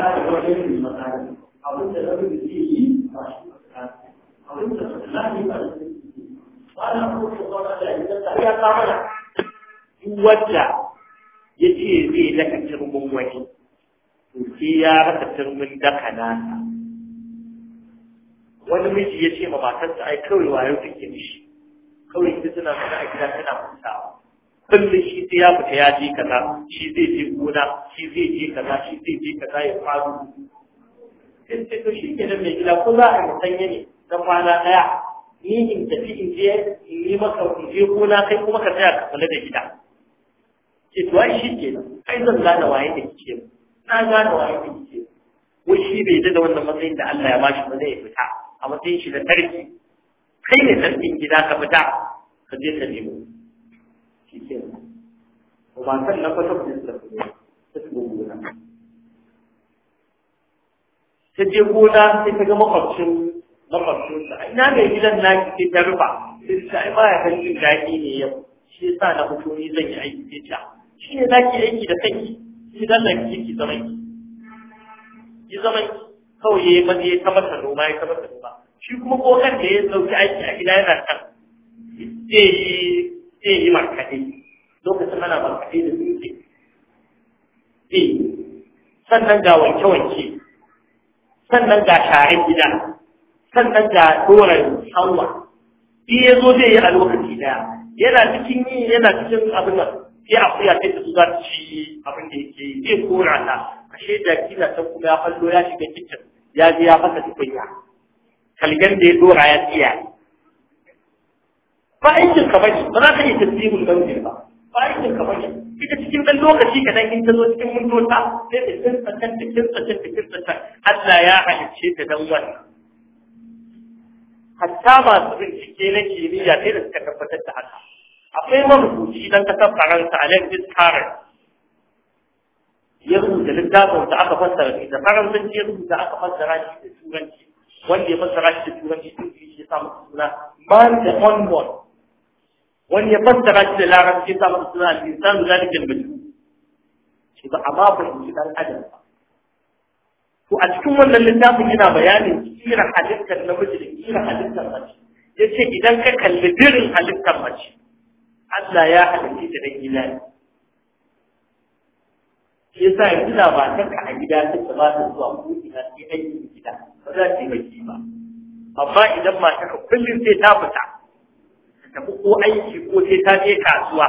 wadda ya ce zai daga turmin wani turki ya raka turmin daga nasa wani miji ya ce ma matarsa ai kawai wayo suke mishi kawai suna a gida suna kusawa kullum shi sai ya fita ya je kaza shi zai je gona shi zai je kaza shi zai je kaza ya faru sai sai to shi ke da mai gida ko za a yi sanya ne na kwana ɗaya, ni in tafi in je in yi maka in je gona kai kuma ka tsaya ka kula da gida ke to ai shi ke nan ai zan gane waye da kike na gane waye da kike wai shi bai da wannan matsayin da Allah ya bashi ba zai fita a matsayin shi da tarki kai ne tarkin gida ka fita ka je ka nemo shi ke ba san na fata kudin da ta shigo gona ta je gona sai ta ga makwabcin makwabcin da ina mai gidan naki sai ta rufa sai ta ai ba ya san jin daɗi ne yau shi yasa na fito ni zan yi aiki sai ta shi ne zaki aiki da kanki shi dan nan ki zama ki ki zaman kawai yayi maza ya ta masa noma ya ta masa noma shi kuma kokan da ya sauki aiki a gida yana kan zai yi sai yi markaɗe lokacin ana markaɗe da dutse sai eh, sannan ga wanke-wanke sannan ga share gida sannan ga doron salwa shi ya zo zai yi a lokaci daya yana cikin yi yana cikin abin nan sai akuya sai ta zuwa ci abin da yake yi zai kora ta ashe da kila ta kuma ya fallo ya shiga kicin ya je ya fasa tukunya kalgan da ya dora ya tsiya ba aikin ka bane ba za ka iya tasbihul banjir ba ba aikin ka bane ita cikin dan lokaci ka dan in ta zo cikin mundota sai ta kinsa ta kinsa ta kinsa ta Allah ya halicce ta dan wannan hatta masu bincike na kimiyya sai da suka tabbatar da haka akwai marubuci dan kasar Faransa Alexis Carrel ya rubuta littafin da aka fassara shi da Faransanci ya rubuta aka fassara shi da Turanci wanda ya fassara shi da Turanci sun yi shi samu suna man the onward wani ya fassara shi da larabci ta masa suna lisan zalikin bajin shi ba a ba shi dan adam ba to a cikin wannan littafin yana bayanin kira halittar namiji da kira halittar mace ya ce idan ka kalli birin halittar mace Allah ya halitta ta dan gida ne shi sa ya gina ba ta a gida ta ba ta zuwa ko ina sai an yi gida ba za ta yi ba amma idan ka kullum sai ta fita tafi ko aiki ko sai ta je kasuwa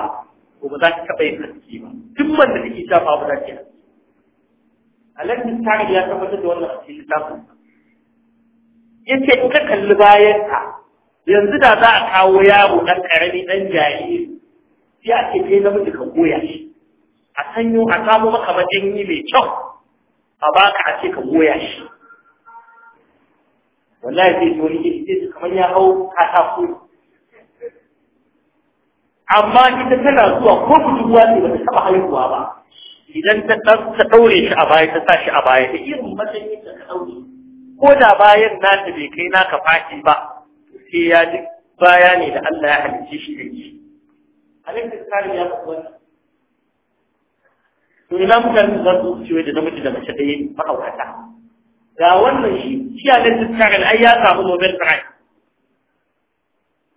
ko ba za ta taɓa yin haske ba duk wanda take ta ba za ta yi haske ta tari ya tabbatar da wannan a ta littafin ya ce in ka kalli bayan ka yanzu da za a kawo yaro ɗan ƙarami ɗan jariri sai a ce kai namiji ka goya shi a sanyo a samu maka majanyi mai kyau a baka a ce ka goya shi wallahi zai zo ni kamar ya hau katako amma ita tana zuwa ko budurwa ne bata taɓa haihuwa ba idan ta ta daure shi a baya ta sa shi a baya da irin matsayin da ka ɗaure. ko da bayan nata bai kai naka fashi ba sai ya ji baya ne da Allah ya halicce shi da shi alaihi salam ya faɗi wannan to ina mutane za su wuce da namiji da mace ɗaya ma'aurata ga wannan shi shi alaihi salam ai ya samu Nobel Prize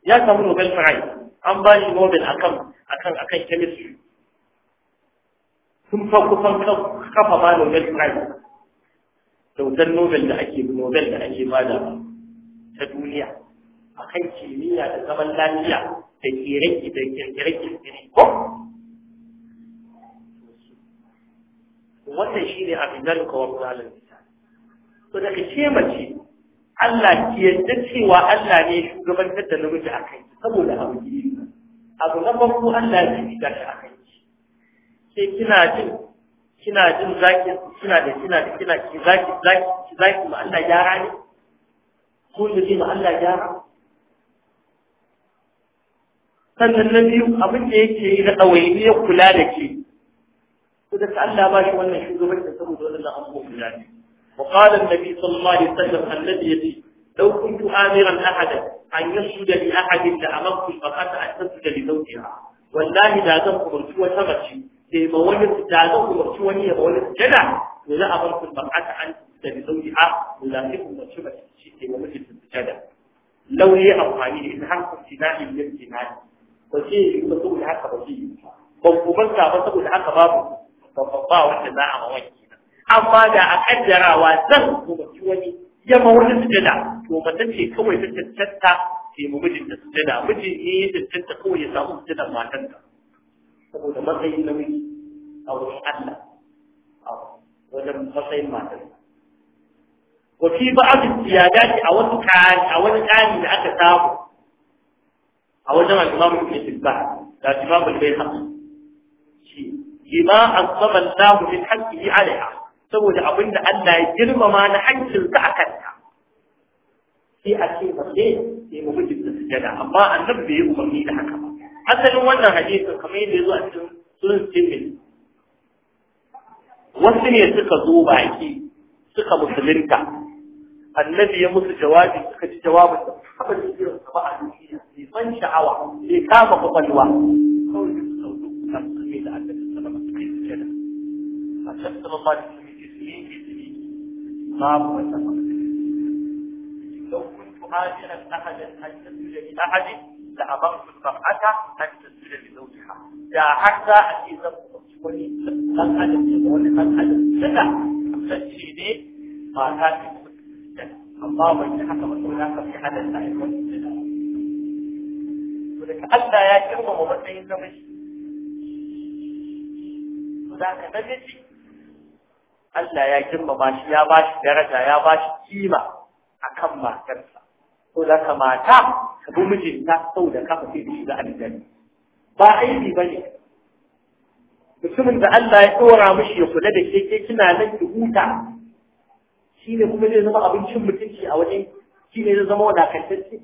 ya samu Nobel Prize an ba shi nobel akan akan akan chemistry sun fa kusan kafa ma nobel prize kyautar nobel da ake nobel da ake bada ta duniya a kan kimiyya da zaman lafiya da kere da kirkire-kirkire ko wannan shi ne abin da ka wa misalin to daga ce mace Allah ke yadda cewa Allah ne shugabantar da namiji a kai saboda abu gidi abu na farko Allah ya ji ga shi akai sai kina jin kina jin zaki kina da kina da kina ki zaki zaki zaki ma Allah gyara rani ko da ji ma Allah gyara sannan na biyu abin da yake yi na ɗawainiya kula da ke kuda ta Allah ba shi wannan shugabanci saboda wannan abubuwan guda ne وقال النبي صلى الله عليه وسلم الذي يليه لو كنت آمرا أحدا أن يسجد لأحد لأمرت فقط أن تسجد لزوجها والله لا تنقم سوى تمشي لما وجد لا تنقم سوى نية وولد جدع ولا أمرت المرأة أن تسجد لزوجها ولا تنقم سوى تمشي ومثل الجدع لو هي أمهاني إن حق امتناع لامتناع وشيء يقصد الحق وشيء بمبنك فسقوا الحق بابه فالله وحده ما أمواني أما لا أقدر وزنه ومسوني yamma wurin sujada to mace ce kawai ta tattata ke mu mijin da sujada mijin ne ya tattata kawai ya samu sujada matanta saboda matsayin namiji a wurin Allah a wajen matsayin ba ya dace a wasu او a wani الكان اللي aka samu a wajen al-Imam Ibn ba, da Imam Al-Bayhaqi shi bima asaba Allah min haqqihi alaiha saboda abin da Allah ya girmama na hankinsa a kanta sai a ce mace sai mu mijin da sujada amma annabi bai yi umarni da haka ba asalin wannan hadisi kamar yadda ya zo a cikin sunan Tirmidhi wasu ne suka zo baki suka musulunta annabi ya musu jawabi suka ji jawabin da suka ji irin sa ba a duniya bai ban sha'awa bai kama kwakwalwa kawai da suka zo suka musulmi da annabi sallama suka yi sujada a can sallama باب نعم. وسفر لو كنت هاجرا أحدا حتى تسجد لأحد لأمرت المرأة أن تسجد لزوجها يا حتى أن إذا تقولي لن أدب يقول لن أدب سنة تسجد ما كان amma bai ci haka ba sai ka fi hada da aikon da da Allah ya kirma mu matsayin namiji to da ka namiji Allah ya girmama shi ya ba shi daraja ya ba shi kima akan matarsa ko da ka mata ka bi mijinta sau da kafa sai shi da aljanna ba aiki bane mutumin da Allah ya dora mishi ya kula da ke ke kina nan ki huta shine kuma zai zama abincin mutunci a Shi shine zai zama wadakantacce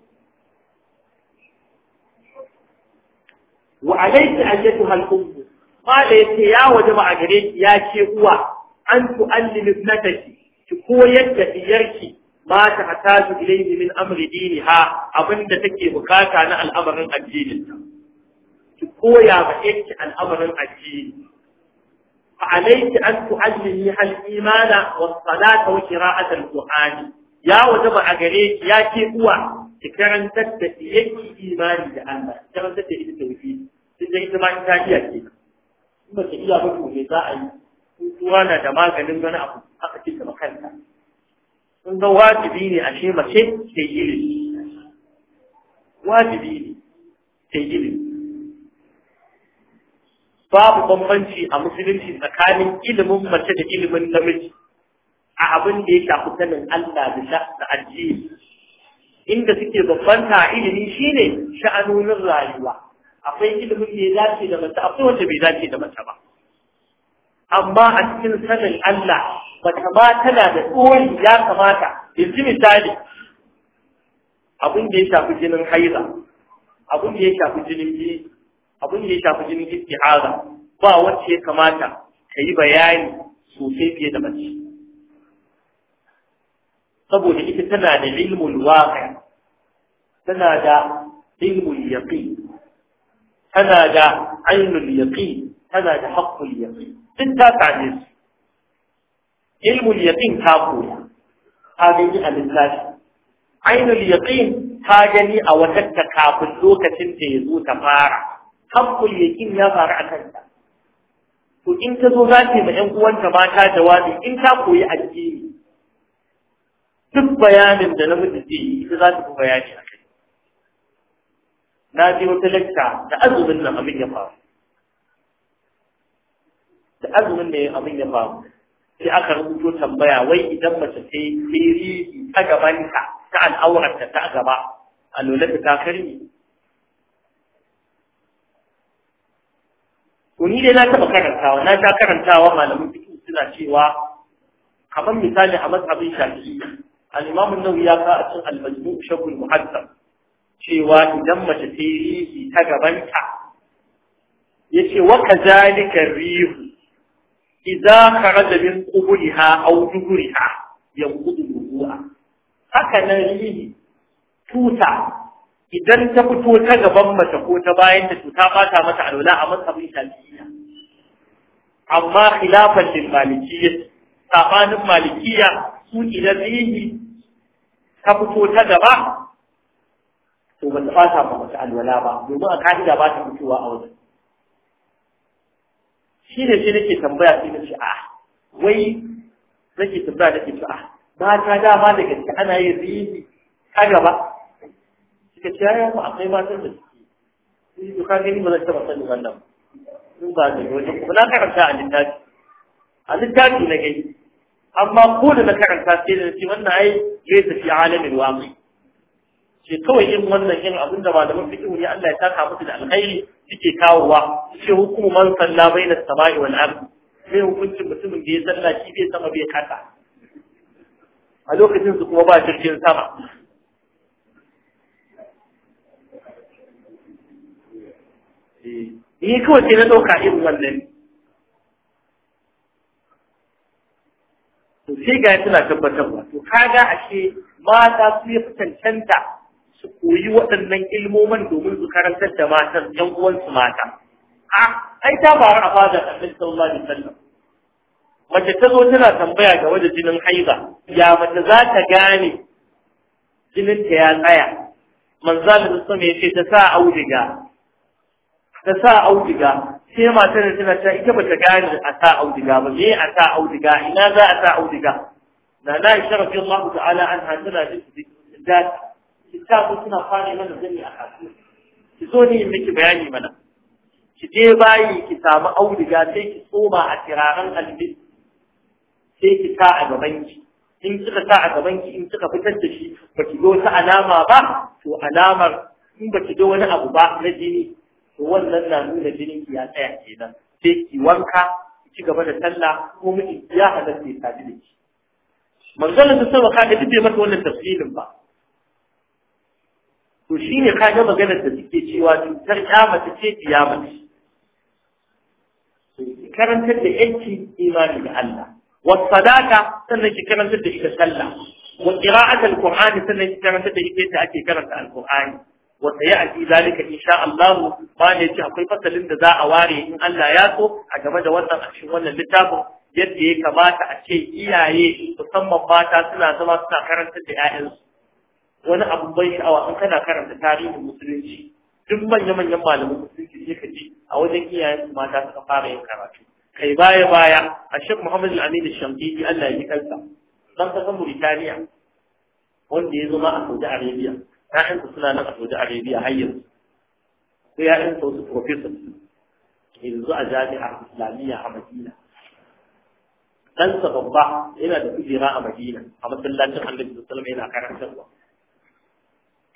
wa alayki ayyatuha al-umm qala yace ya waje ma a gare ki ya ce uwa an tu'allim ibnataki ki koyar da diyarki ma ta hataju ilayhi min amri diniha abinda take bukata na al'amarin addinin ta ki koya ba yake al'amarin addini fa alayki an tu'allimi hal imana was salata wa qira'at al qur'an ya wajaba a gare ki ya ke uwa ki karantar da yake imani da Allah karantar da ita tauhid sai ita ma ta iya ke kuma ta iya ba to me za a yi tutuwa na da maganin wani abu aka cika kanta. sun ga wajibi ne ashe mace ta yi ilimi wajibi ne ta yi ilimi babu bambanci a musulunci tsakanin ilimin mace da ilimin namiji a abin da ya shafi sanin Allah da da addini inda suke bambanta a ilimi shine sha'anonin rayuwa akwai ilimin da ya dace da mace akwai wanda bai dace da mace ba amma a cikin sanin Allah mace ba tana da tsohon ya kamata yanzu misali abin da ya shafi jinin haiza abin da ya shafi jinin bi abin da ya shafi jinin istihaza ba wacce ya kamata ka yi bayani sosai fiye da mace saboda ita tana da ilmul waqi tana da ilmul yaqin tana da ainul yaqin tana da haqqul yaqin sun ta same su ilmul yaqin ta koya ta gani a littafi ainul yaqin ta gani a wata ta kafin lokacin da ya zo ta fara hakkul yaqin ya faru a kanta to in ta zo za ta ma ƴan uwanta mata jawabi in ta koyi addini duk bayanin da namiji zai yi ita za ta fi bayani a kai na je wata lakta da azumin nan abin ya faru da azumin ne abin ya faru sai aka rubuto tambaya wai idan mace ta yi tsiri ta gabanta ta al'aurarta ta gaba a nuna ta karni to ni dai na taɓa karantawa na ta karantawa malamin cikin suna cewa kamar misali a matsabin shafi, al-imam an ya ka a cin al shagun shakul cewa idan mace ta yi ta gabanta ce wa kazalika rihu idza kharaja min quburiha aw duburiha yanqudu ruha haka nan rihi tuta idan ta fito ta gaban mace ko ta bayan ta tuta ba ta mata alwala a matsayin shafi'iyya amma khilafan lil malikiyya sabanin malikiyya su idan rihi ta fito ta gaba to ba ta mata alwala ba domin a ka'ida ba ta fitowa a wajen shi ne sai nake tambaya sai nace a ah, wai nake tambaya nake ke a ah, mata dama da gaske ana yin rihi a gaba suka ce ya mu akwai matan da suke sai to ka gani ba zan taba sanin wannan sun ba da wani ko na karanta a littafi a littafi na gani amma ko da na karanta sai da ce wannan ai zai tafi alamin waƙi ce kawai in wannan yin abin da ba mafi kyau ne Allah ya taka musu da alkhairi suke kawowa suke hukumu man salla na samai wal ard sai hukuncin mutumin da ya salla shi bai sama bai kasa a lokacin su kuma ba jirgin sama eh, ni kawai sai na ɗauka irin wannan to sai ga suna tabbatarwa to kaga ashe mata su yi cancanta su koyi waɗannan ilmoman domin su karantar da matan ‘yan uwansu mata. A, ai ta faru a fadar Annabi sallallahu alaihi wasallam. Mace ta zo tana tambaya game da jinin haiza, ya mace za ta gane jinin ta ya tsaya. Manzalin sama ya ce ta sa auduga, ta sa auduga sai matar tana ta ita bata gane a sa auduga ba me a sa auduga ina za a sa auduga na na sharafin rabbi Allah ta'ala an tana da da ki suna fara mana zane a kasu ki zo ne miki bayani mana ki je bayi ki samu auduga sai ki tsoma a tiraren albi sai ki sa a gaban ki in kika sa a gaban ki in kika fitar da shi ba ki zo ta alama ba to alamar in ba ki zo wani abu ba na jini to wannan na nuna jinin ki ya tsaya kenan sai ki wanka ki gaba da talla, ko miki ya halatta ya tafi da ki manzon da sama ka da maka wannan tafsirin ba to shine kaga maganar da suke cewa cutar kyamata ce kiyamata karantar da yanki imani da Allah Wasu sadaka sannan ki karantar da ita sallah wa qira'at al-qur'ani sannan ki karantar da ita ake karanta al-qur'ani wa sayati zalika insha Allah ba ne ci akwai fasalin da za a ware in Allah ya so a game da wannan a cikin wannan littafin yadda ya kamata a ce iyaye musamman mata suna zama suna karantar da 'ya'yansu wani abu bai sha'awa in kana karanta tarihin musulunci duk manya-manyan malamin musulunci sai ka ji a wajen iyayen su mata suka fara yin karatu kai baya baya a shek Muhammadu Aminu amin allah ya yi kansa dan kasan Mauritania wanda ya zama a Saudi Arabia ta su suna nan a Saudi Arabia har yanzu ko wasu su su professor yanzu a jami'a Islamiyya a Madina dan sababa babba yana da kujera a Madina a masallacin Annabi sallallahu alaihi wasallam yana karantarwa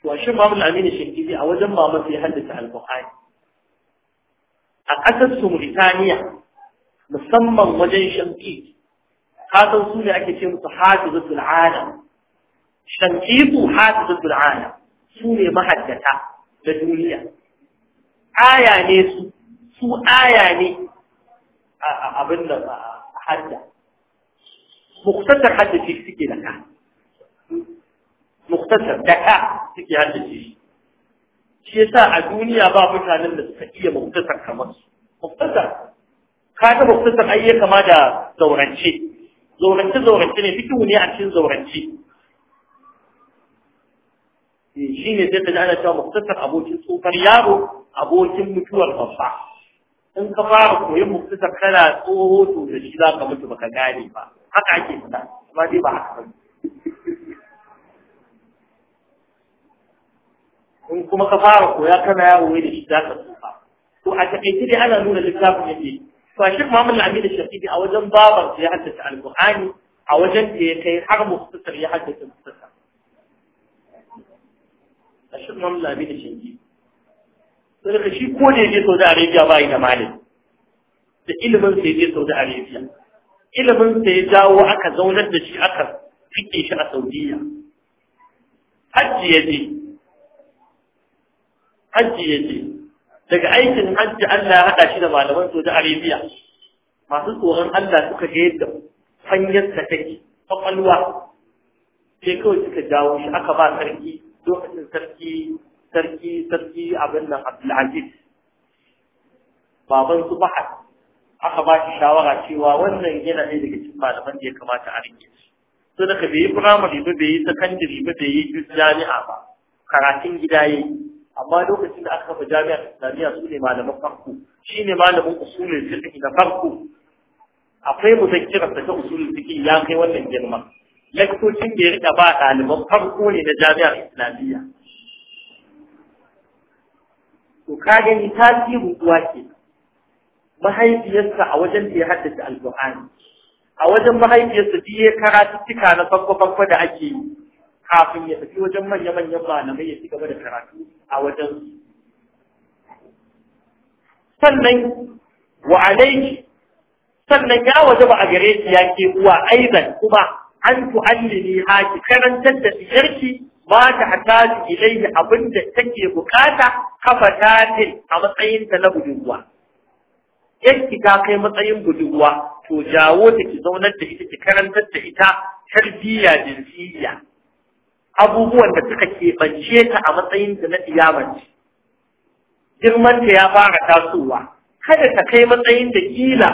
وشو بعض العلمين الشنكيزي أو جمع ما في حدث عن البخاري أكثر سمري ثانية مصمم وجن شنكيز هذا وصولي أكثر مصحات ضد العالم شنكيز وحات ضد العالم سوري ما حدثها بدولية آية نيسو سو آية ني أبنى حدث مختصر حدث يكتكي لك مختصر دكاء suke haddace shi shi yasa a duniya ba mutanen da suka iya muktasar kamar su muktasar ka ga muktasar ai ya kama da zaurance zaurance zaurance ne fikihu ne a cikin zaurance eh, shi ne zai ta ji ana cewa muktasar abokin tsofar yaro abokin mutuwar babba in ka fara koyon muktasar kana tsoho to da shi za ka mutu baka gane ba haka ake faɗa, amma dai ba haka ba in kuma ka fara koya kana yawo da shi za ka tsufa to a takaice dai ana nuna littafin yake to a shek Muhammad Al-Amin Shafi'i a wajen babar ya haddace Al-Qur'ani a wajen da ya kai har muftasar ya haddace muftasar a shek Muhammad Al-Amin Shafi'i sai shi ko da je Saudi Arabia ba yi da malami da ilimin sai je Saudi Arabia ilimin sa ya jawo aka zaunar da shi aka fike shi a Saudiya hajji ya je hajji yake daga aikin hajji Allah ya haɗa shi da malaman Saudi Arabia masu tsoron Allah suka ga yadda hanyar ta take kwakwalwa sai kawai suka jawo shi aka ba sarki lokacin sarki sarki sarki abin nan Abdulaziz baban su bahar aka ba shi shawara cewa wannan yana ne daga cikin malaman da ya kamata a rike shi so ka bai yi firamare ba bai yi sakandare ba bai yi jami'a ba karatun gida yayi amma lokacin da aka kafa jami'ar islamiyya su ne malaman farko shi ne malamin usulun fiƙi na farko akwai muzakkira ta usulun fiƙi ya kai wannan girma lektocin da ya rika ba ɗaliban farko ne na jami'ar islamiyya to ka gani tasirin uwa ke mahaifiyarsa a wajen da ya haddace alƙur'ani a wajen mahaifiyarsa biye karatuttuka na farko farko da ake yi kafin ya tafi wajen manya-manyan malamai ya ci gaba da karatu a wajen sannan wa alaiki sannan ya waje ba a gare ki ya ke uwa aizan kuma an tu'allini haki karantar da yarki ba ta su da abin da take bukata kafa tatin a matsayin ta na budurwa yanki ta kai matsayin budurwa to jawo ta ki zaunar da ita ki karantar da ita tarbiyya jinsiyya abubuwan da suka keɓance ta a matsayin da na iyamanci girman ta ya fara tasowa kada ta kai matsayin da kila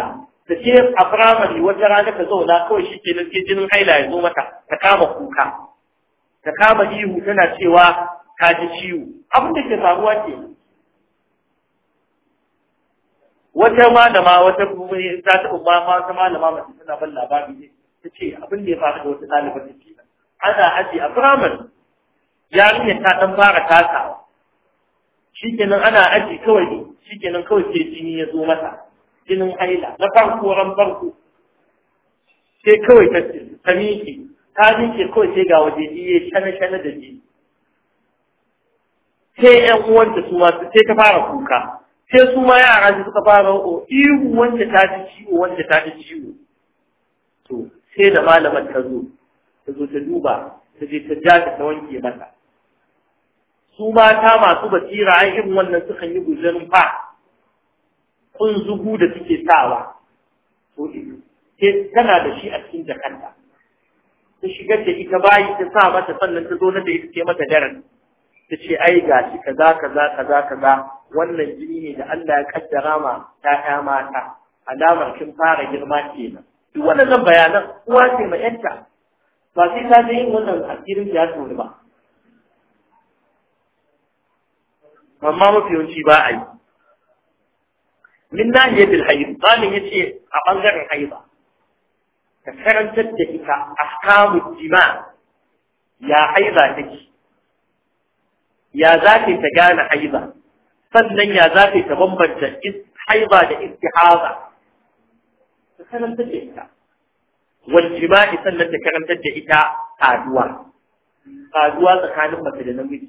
da ke a firamare wata rana ta zauna kawai shi ke nake jinin haila ya zo mata ta kama kuka ta kama ihu tana cewa ta ji ciwo abin da ke faruwa ke wata malama wata za ta taɓa ma wata malama mace tana ban labari ne ta ce abin da ya faru da wata ɗalibar da ke ana aji a firamare yarinyar ta ɗan fara tasawa kenan ana aji kawai kenan kawai sai jini ya zo mata jinin haila na farko ran farko sai kawai ta ta miƙe ta miƙe kawai sai ga waje ya shana shana da ji sai ƴan uwanta su masu sai ta fara kuka sai su ma yara su suka fara o ihu wanda ta ji ciwo wanda ta ji ciwo to sai da malamar ta zo ta zo ta duba ta je ta ja ta wanke mata su mata masu basira ai irin wannan sukan yi guzarin fa kun zugu da suke sawa to ke tana da shi a cikin jakanta ta shigar da ita bayi ta sa mata sannan ta zo na da ita mata daren ta ce ai ga shi kaza kaza kaza kaza wannan jini ne da Allah ya kaddara ma ta mata alamar kin fara girma kenan duk wannan bayanan uwa ce ma yanta ba sai ka je yin wannan asirin ya tsoro ba amma mafi yawanci ba a yi min na nahiyatil hayd zalim yace a bangaren haiba ka karantar da ita ahkamud jima ya haiba take ya za ta gane haiba sannan ya za ta bambanta haiba da istihaza ka karantar da ita ba jima'i sannan da karantar da ita saduwa saduwa tsakanin mace da namiji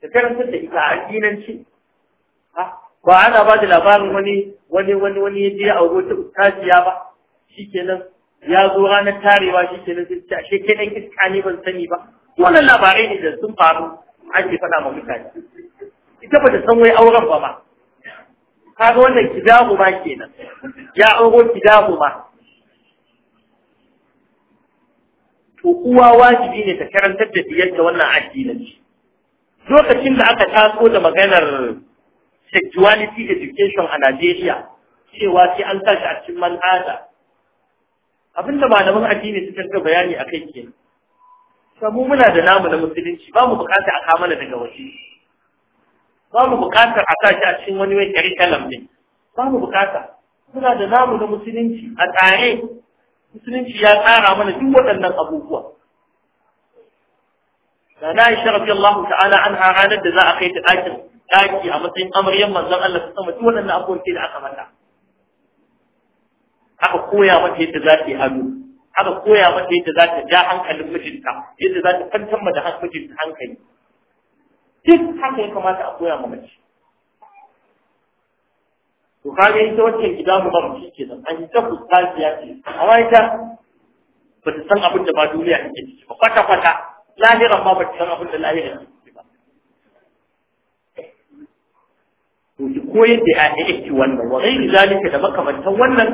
ta karantar da ita a dinanci ba ana ba da labarin wani wani wani wani yaje ya auro ta ustaziya ba shikenan ya zo ranar tarewa shikenan sai ce ashe kai dan iska ne ban sani ba wannan labarai ne da sun faru ake faɗa ma mutane ita ba ta san wai auren ba ma kaga wannan kidahu ba kenan ya auro kidahu ba. to uwa wajibi ne ta karantar da diyarta wannan addinanci lokacin da aka taso da maganar sexuality education a Najeriya cewa sai an shi a cikin man'ada abinda malaman addini suka ga bayani a kai kenan mu muna da namu na musulunci ba mu bukatar a mana daga waje ba mu bukatar a tashi a cikin wani wai curriculum ne ba mu bukata muna da namu na musulunci a tsare musulunci ya tsara mana duk waɗannan abubuwa da na yi sharafi radiyallahu ta'ala anha ranar da za a kai ta ɗakin ɗaki a matsayin amaryan manzon Allah ta sama duk waɗannan abubuwan da aka mata aka koya mata yadda za ta yi hannu aka koya mata yadda za ta ja hankalin mijinta yadda za ta kwantar da mijinta hankali duk haka ya kamata a koya ma mace to ga ita gida mu ba mu ke nan an ta ya ce amma ita ba ta san abin da ba duniya take ciki ba kwata kwata lahiran ma ba ta san abin da lahiran take ciki ba to ki koyar da ƴaƴa ki wannan wa ghairi zalika da makamantan wannan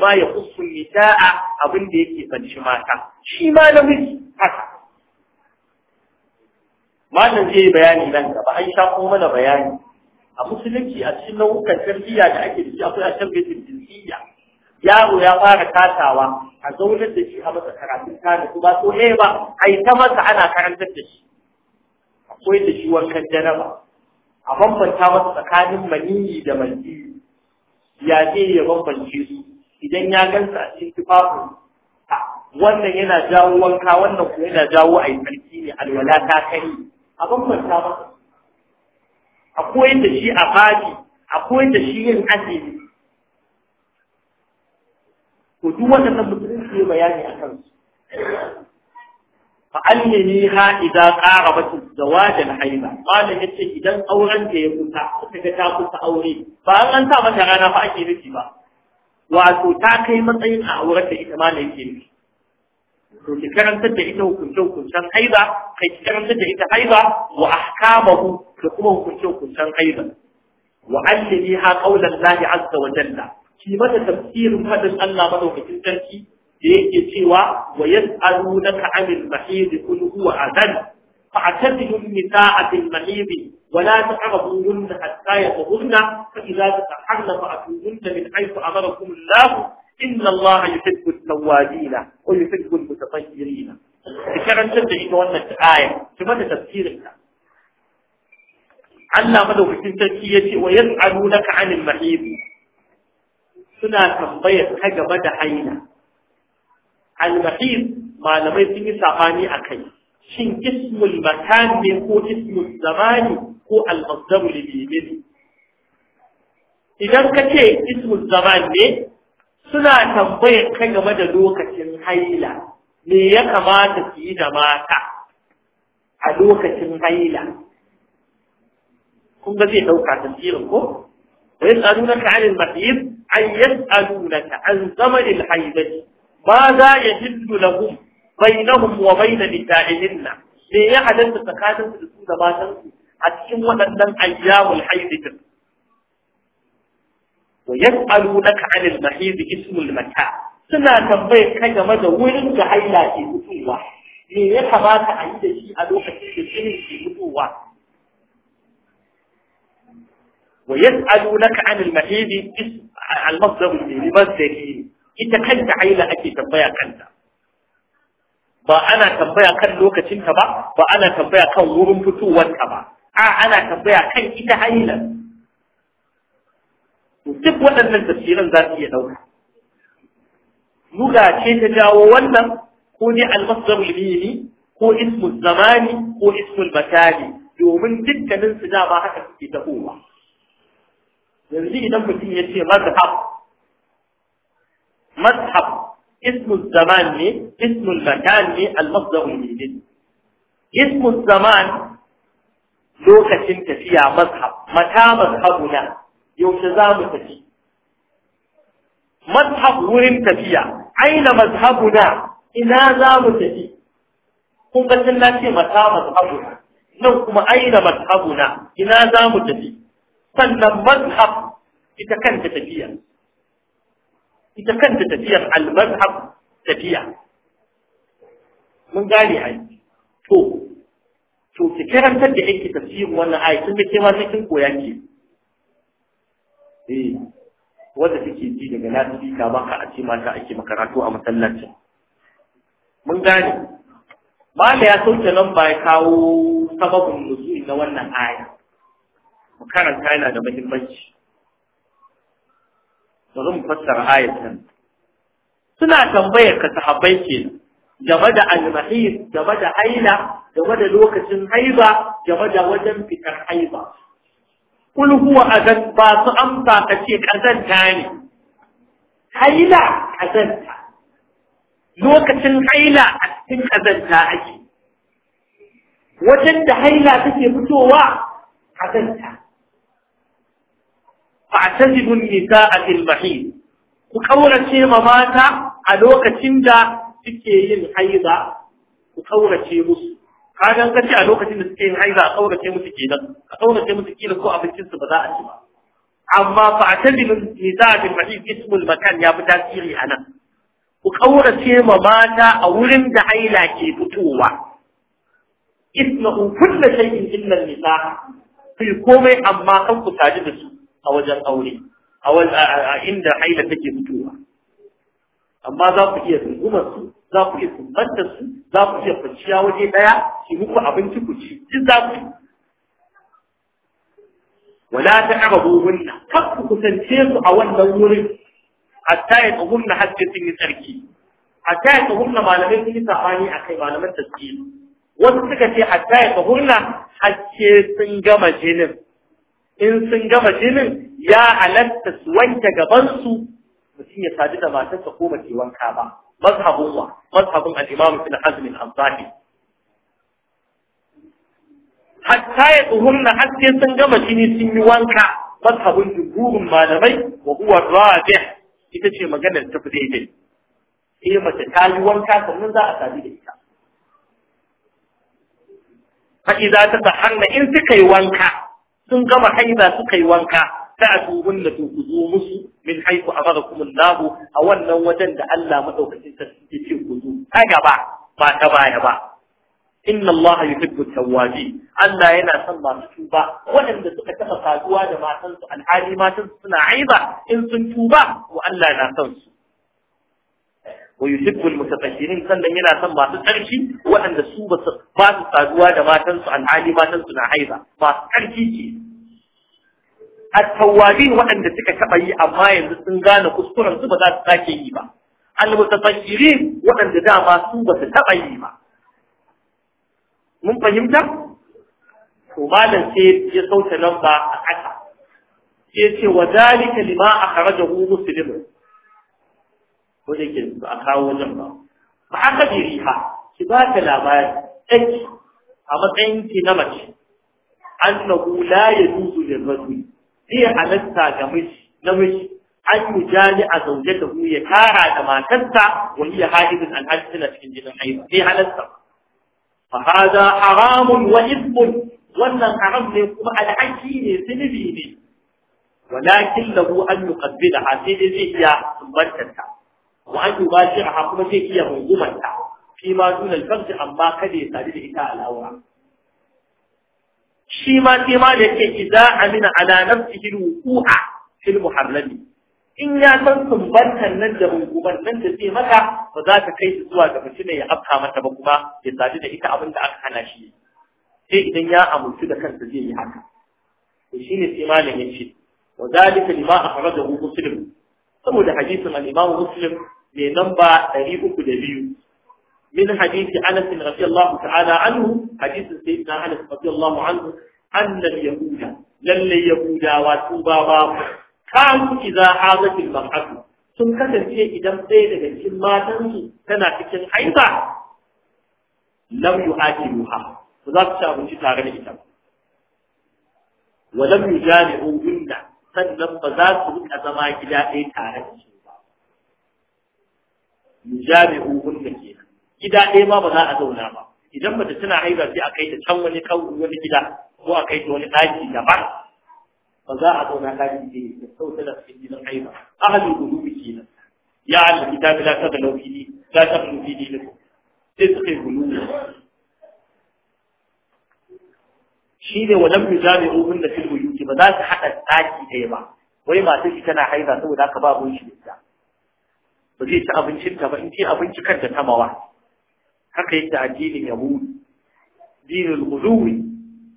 ma ya ta nisaa abin da yake shi mata shi ma namiji haka malam zai bayani nan gaba an sha kuma mana bayani a musulunci a cikin nau'ukan tarbiyya da ake da shi akwai a can tarbiyyar jinsiyya yaro ya fara katawa a zaunar da shi a masa karatun su ba so ne ba a yi ta masa ana karantar da shi akwai da shi wankan janaba a bambanta masa tsakanin maniyi da mandiyu ya ce ya bambance su idan ya gansa a cikin tufafin wannan yana jawo wanka wannan kuma yana jawo a yi sarki ne alwala ta kari a bambanta masa Akwai koyar da shi a fadi a da shi yin azumi ko duk waɗannan mutum ke bayani a kan su fa'almini ha idza qara batu zawajan haiba qala yace idan auren ta ya kusa ta ga ta kusa aure ba an an ta mata rana fa ake nufi ba wato ta kai matsayin a auren ta ita ma ne ke nufi to ki karanta da ita hukunce hukuncen haiza? kai ki karanta da ita haiba wa ahkamahu da kuma hukunce hukuncen haiba wa allimiha qawlan lahi azza wa jalla ki mata tafsirin fadin Allah madaukakin sarki da yake cewa wa yas'alunaka 'anil mahid qul huwa adan فاعتزلوا النساء في المحيض ولا تقربوهن حتى يطهرن فإذا تطهرن فأتوهن من حيث أمركم الله inna Allah yuhibbu at-tawwabina wa yuhibbu al-mutatahhirina ki da ita wannan aya ki mata tafsirin ta Allah madaukakin sarki yace wa yas'alunaka 'anil mahid suna tambayar ka gaba da haila al-mahid malamai sun yi sabani akai shin ismul makan ne ko ismul zamani ko al-masdaru li idan ka ce ismul zaman ne suna tambayar ka game da lokacin haila me ya kamata su yi da mata a lokacin haila kun ga zai ɗauka tafsirin ko wa yas'alunaka 'anil mahyid na yas'alunaka an il haidati ma za yahillu lahum bainahum wa bain nisa'ihinna me ya halatta tsakaninsu da su da matansu a cikin waɗannan ayyamul haidatin wa yas'alunaka 'anil mahid ismul mata suna tambaye ka game da wurin da haila ke fitowa me ya kamata a yi da shi a lokacin da jinin ke fitowa wa yas'alunaka 'anil mahid al-masdar al-masdari ita kanta haila ake tambaya kanta ba ana tambaya kan lokacin ta ba ba ana tambaya kan wurin ta ba a ana tambaya kan ita hailar duk waɗannan tafsiran za su iya ɗauka luga ce ta jawo wannan ko ne almasdar limini ko ismul zamani ko ismul makani domin dukkanin su dama haka suke tafowa yanzu idan mutum ya ce mazhab mazhab ismul zaman ne ismul makan ne almasdar limini ismul zaman lokacin tafiya mazhab mata mazhabuna yaushe za mu tafi mazhab wurin tafiya aina mazhabuna ina za mu tafi kun ga na ce mata mazhabuna nan kuma aina mazhabuna ina za mu tafi sannan mazhab ita kanta tafiya ita kanta tafiyar al-mazhab tafiya mun gane ai to to ki karantar da yake tafiyar wannan ayatun da ke ma sai kin koya ke? Eh, wanda take ji daga lafiya ba ka a ce mata ake makaratu a masallacin mun gane mala ya sauke nan ba ya kawo sababin nuzul na wannan aya mu karanta yana da mahimmanci. bari mu fassara ayatan suna tambayar ka sahabbai ke game da almahir game da Aina, game da lokacin haiba game da wajen fitar haiba kul huwa azan ba su amsa ka ce kazanta ne haila kazanta lokacin haila a cikin kazanta ake wajen da haila take fitowa kazanta fa'tazibu an-nisaa fil mahid ku kaurace ma mata a lokacin da suke yin haila ku kaurace musu Ka kagan kace a lokacin da suke yin haiza a kaurace musu kenan a kaurace musu kila ko abincin su ba za a ci ba amma fa atadil nizaa a mahid ismul makan ya fi tasiri a nan. ku kaurace ma mata a wurin da haila ke fitowa ismuhu kullu shay'in illa nisa, fi komai amma kan ku taji da su a wajen aure a inda haila take fitowa amma za ku iya rungumar su za ku iya tumbanta su za ku iya kwanciya waje ɗaya ki muku abinci ku ci duk za ku wala ta'rabu hunna kar ku kusance su a wannan wurin hatta ya tsohunna hajji sun yi tsarki hatta ya tsohunna malamai sun yi sabani a kai malaman tasiri wasu suka ce hatta ya tsohunna hajji sun gama jinin in sun gama jinin ya halatta su wanke gabansu mutum ya sadu da matarsa ko mace wanka ba mazhabin wa mazhabin al-imam ibn hazm al-ansari hatta sun gama jini sun yi wanka mazhabin jumhurin malamai wa huwa rabi ita ce maganar ta fi daidai eh mace ta yi wanka sannan za a sami da ita faɗi za ta sahanna in suka yi wanka sun gama haiza suka wanka ta a tuhunna to ku musu min haiku amarakum Allah a wannan wajen da Allah madaukakin sarki ke ce ku zo ta gaba ba ta baya ba inna Allah yuhibbu tawwabi Allah yana son masu tuba waɗanda suka taɓa saduwa da matansu alhali matansu suna aiba in sun tuba wa Allah yana son su wa yuhibbu almutatahhirin sannan yana son masu tsarki waɗanda su ba su saduwa da matansu alhali matansu na aiba masu tsarki ke at-tawwabin waɗanda suka taɓa yi amma yanzu sun gane kuskuren su ba su sake yi ba al-mutatahhirin waɗanda dama su basu su taɓa yi ba mun fahimta to sai ya sauta lamba a ƙasa sai ce wa zalika lima akhrajahu muslim ko da ke ba a kawo wajen ba ba aka riha ki ba ta labari ɗanki a matsayin ki na mace annahu la yajuzu lirrajuli iya halatta ga miji namiji an mujali a mu ya tara da matarsa wani hiya haidun an hajjina cikin jinin haiba sai halatta fa hada haramun wa ismun wannan haram ne kuma alhaki ne zunubi ne walakin lahu an yuqabbila sai dai zai iya sumbantarta wa an yubashiraha kuma zai iya rungumanta fi ma dunal farji amma kada ya sadu da ita a al'aura shi ma sai ma da yake idza amina ala nafsihi alwuqa fil muharrami in ya san sumbantan nan da rungumar nan da zai maka ba za ka kai zuwa ga mutum ya afka mata ba kuma ya sadu da ita abin da aka hana shi sai idan ya amintu da kansa zai yi haka to ne sai malam yace wa zalika lima akhrajahu muslim saboda hadisin al-imam muslim ne namba 302 من حديث أنس رضي الله تعالى عنه حديث سيدنا أنس رضي الله عنه أن اليهود لن يهودا وتوبابا كانوا إذا حاضت المرأة sun kasance idan ɗaya daga cikin matansu tana cikin haiza lam yu'akiluha ba za su ci abinci tare da ita wa sannan ba za su rika zama gida ɗaya tare da su ba yujami'uhunna gida ɗaya ma ba za a zauna ba idan mace tana haihuwa sai a kai ta can wani kawo wani gida ko a kai ta wani ɗaki daban ba za a zauna ɗaki ɗaya ta sau tana cikin gidan haihuwa ahalin gudubi nan ya ala kitabi da ta da fili la ta galau fili ne sai suka gudu gulubi shi ne wajen mizami ohun da filmu yuki ba za su haɗa ɗaki ɗaya ba wai masu shi tana haihuwa saboda haka ba mun shi da ba zai ci abincinta ba in ce abinci kanta mawa. haka yake addinin yahudi dinin guluwi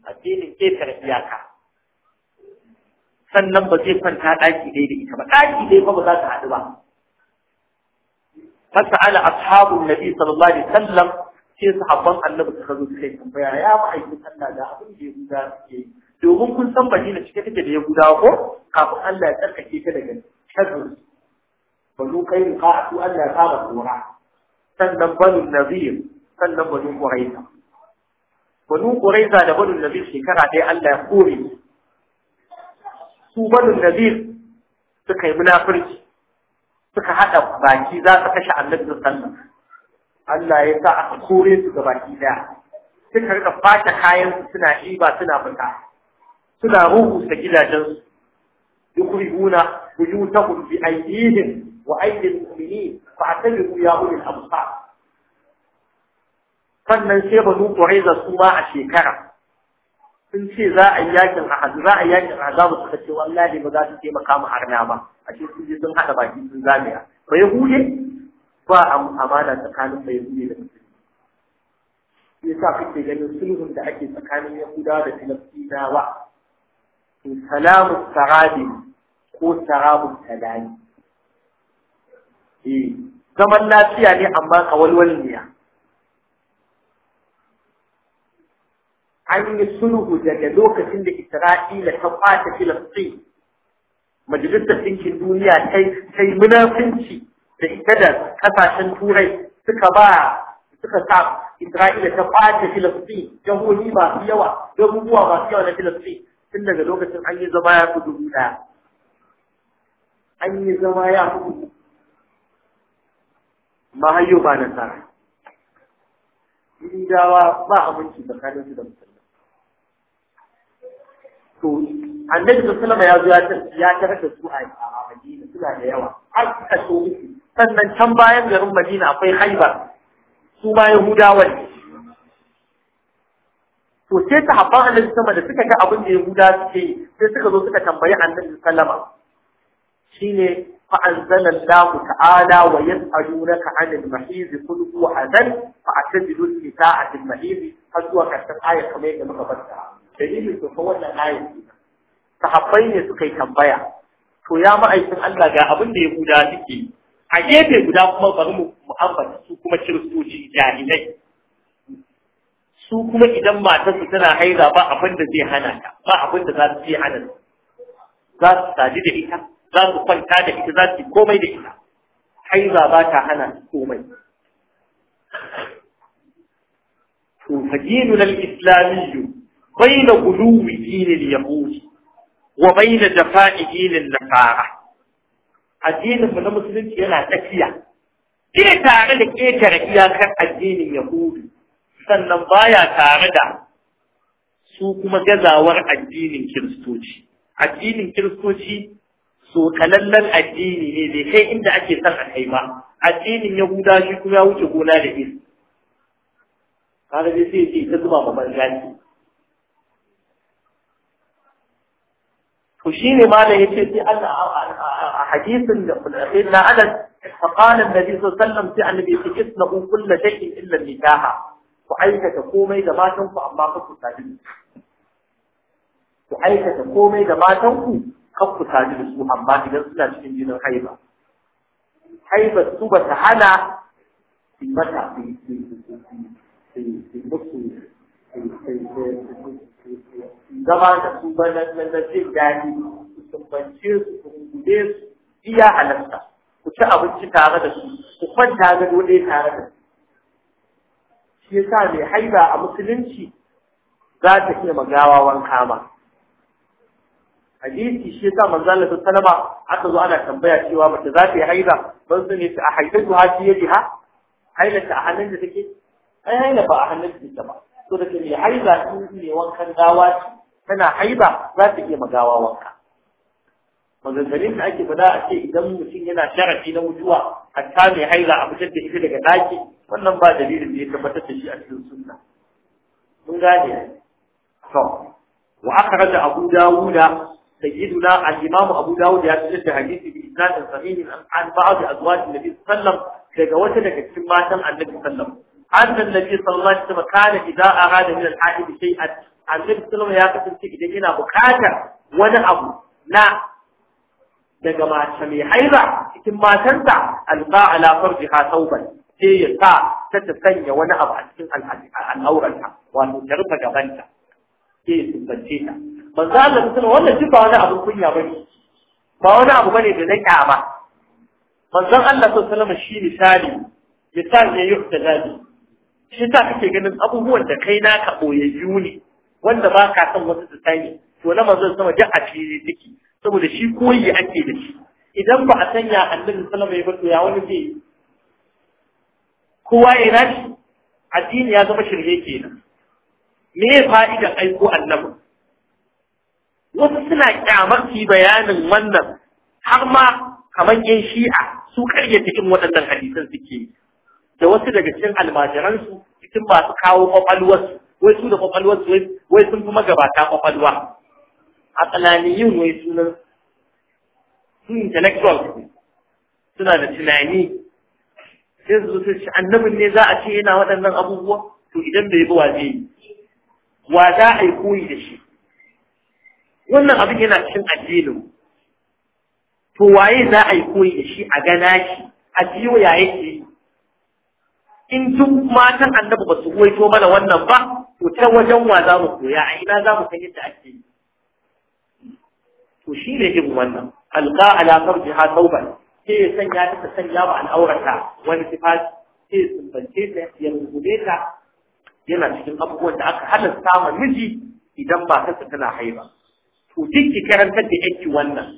addinin ƙetare iyaka sannan ba zai kwanta ɗaki dai da ita ba ɗaki dai ba ba za ta haɗu ba ala ashabun nabi sallallahu alaihi wasallam sai sahabban annabi suka zo suka yi tambaya ya aiki sallah da abin da Yahuda suke yi domin kun san Madina cike take da guda ko kafin Allah ya tsarkake ta daga shazur ba. kai ka su Allah ya saba tsora sannan banu nazir sannan banu quraiza banu quraiza da banu nazir shekara ɗaya Allah ya kore su banu nazir suka yi munafurci suka haɗa baki za su kashe annabi sallallahu Allah ya sa aka kore su ga baki daya suka rika fata kayan suna ɗiba suna fita suna rubuta su yukrihuna buyutahum bi aydihim wa aydil mu'minin fa'tabiru ya ulil absar sannan sai banu qurayza su ba a shekara sun ce za a yi yakin ahad za a yi yakin azabu suka ce wallahi ba za su taimaka mu harna ba a ce su je sun hada baki sun zamiya ba ya yahude ba amana tsakanin ba yahude da musulmi shi sa kake ganin sulhun da ake tsakanin yahuda da filistinawa to salamu sarabi ko sarabu Talani? Eh, zaman lafiya ne amma walwal ne an yi sulhu daga lokacin da Isra'ila ta kwata Filistin majalisar ɗinkin duniya ta yi munafinci da ita da ƙasashen turai suka ba suka sa Isra'ila ta kwata Filistin jahohi masu yawa garuruwa masu yawa na Filistin tun daga lokacin an yi zama ya fi dubu ɗaya an yi zama ya fi dubu mahayo ba nasara Yahudawa ba abinci tsakanin su da musulmi. To, annabi sallama ya zo ya ta da su a Madina suna da yawa, har suka so miki Sannan can bayan garin Madina akwai Haibar, su ma Yahudawa ne. To sai ta haɓar annabi sama da suka ga abin da yahudawa suke yi, sai suka zo suka tambayi annabi sallama. shine. فأنزل الله تعالى ويسألونك عن المحيض قل هو أذن فاعتزلوا النساء في المحيض هل هو كتب آية كما يجب dalilin su ko wannan ayin sahabbai ne suka yi tambaya to ya ma'aikin Allah ga abin da Yahuda suke a gefe guda kuma bari mu ambata su kuma kiristoci jahilai su kuma idan matar su tana haiza ba abin da zai hana ta ba abin da za su iya hana ta za su sadu da ita za su kwanta da ita za su komai da ita haiza ba ta hana komai to fadinul islamiyyu baina guluwi dinil yahudi wa baina jafa'i dinil nasara addinin mu na musulunci yana tsakiya ke tare da ketare iyakar addinin yahudi sannan baya tare da su kuma gazawar addinin kiristoci addinin kiristoci so kalallan addini ne bai kai inda ake san a kai ba addinin ya guda shi kuma ya wuce gona da isi kada dai sai ce ta zuba ba gaji. to shine ma da yace sai Allah a hadisin da sai na Allah fa qala annabi sallallahu alaihi wasallam sai annabi sai kisna kullu shay'in illa nikaha ku aikata komai da matan ku amma ku sadi ku aikata komai da matan ku kan ku da su amma idan suna cikin jinin haiba haiba su ba ta hana su mata su musu zama da su ba na jin daɗi su sumbance su su gude su iya halarta ku ci abinci tare da su ku kwanta ga dole tare da su shi yasa mai haiba a musulunci za ta iya magawa wanka ma hadisi shi yasa manzo Allah Salama? aka zo ana tambaya cewa mace za ta yi haila ban sani ta a ta ha ci ha, haila ta a hannun da take ai haila ba a hannun da take ba to da ke haila shi ne wankan gawa tana haila za ta iya magawa wanka maganganun da ake faɗa a ce idan mutum yana sharafi na mutuwa hatta mai haila a fitar da ita daga daki wannan ba dalilin da ya tabbatar da shi a cikin sunna mun gane to wa akhraja abu dawuda سيدنا الإمام أبو داود يأتي الحديث بإسناد صحيح عن بعض أزواج النبي صلى الله عليه وسلم كجوتك كما تم النبي صلى الله عليه وسلم أن النبي صلى الله عليه وسلم كان إذا أراد من الحائض شيئا النبي صلى الله عليه وسلم إذا كنا بكاتا ولا أبو لا daga mace mai haiza cikin matarsa alqa ala farjiha tauban sai ya sa ta ta sanya wani abu a cikin al'aurarta wato ta rufe gabanta sai ya sumbance ta manzo Allah mutum wannan duk ba wani abu kunya bane ba wani abu bane da na kyama manzo Allah sallallahu alaihi wasallam shi misali misali ne yuhta dadi shi ta kake ganin abubuwan da kai ka boyayyu ne wanda ba ka san wasu su to na manzo sama duk a fili take saboda shi koyi ake da shi idan ba a sanya annabi sallallahu alaihi wasallam ya wani zai kowa ya nashi addini ya zama shirye kenan me fa'idan aiko annabi wasu suna kyamar su bayanin wannan har ma kamar yin shi'a su karyata cikin waɗannan hadisan suke da wasu daga cikin almajiransu cikin masu kawo kwakwalwarsu wai su da kwakwalwarsu wai sun fi magabata kwakwalwa a yin wai sunan su intellectual suna da tunani sai su zo shi annabin ne za a ce yana waɗannan abubuwa to idan bai bi wa zai yi wa za a yi koyi da shi wannan abin yana cikin addinin to waye za a yi koyi da shi a gana shi a jiyo ya yake in tun matan annabi ba su koyi mana wannan ba to ta wajen wa za mu koya a ina za mu san yadda ake yi to shi ne irin wannan alqa ala farjiha tauban sai ya sanya ta sanya wa al'aurata wani sifati sai sumbance ta ya rubuce ta yana cikin abubuwan da aka halatta ma miji idan ba ta tana haiba to duk ki da yake wannan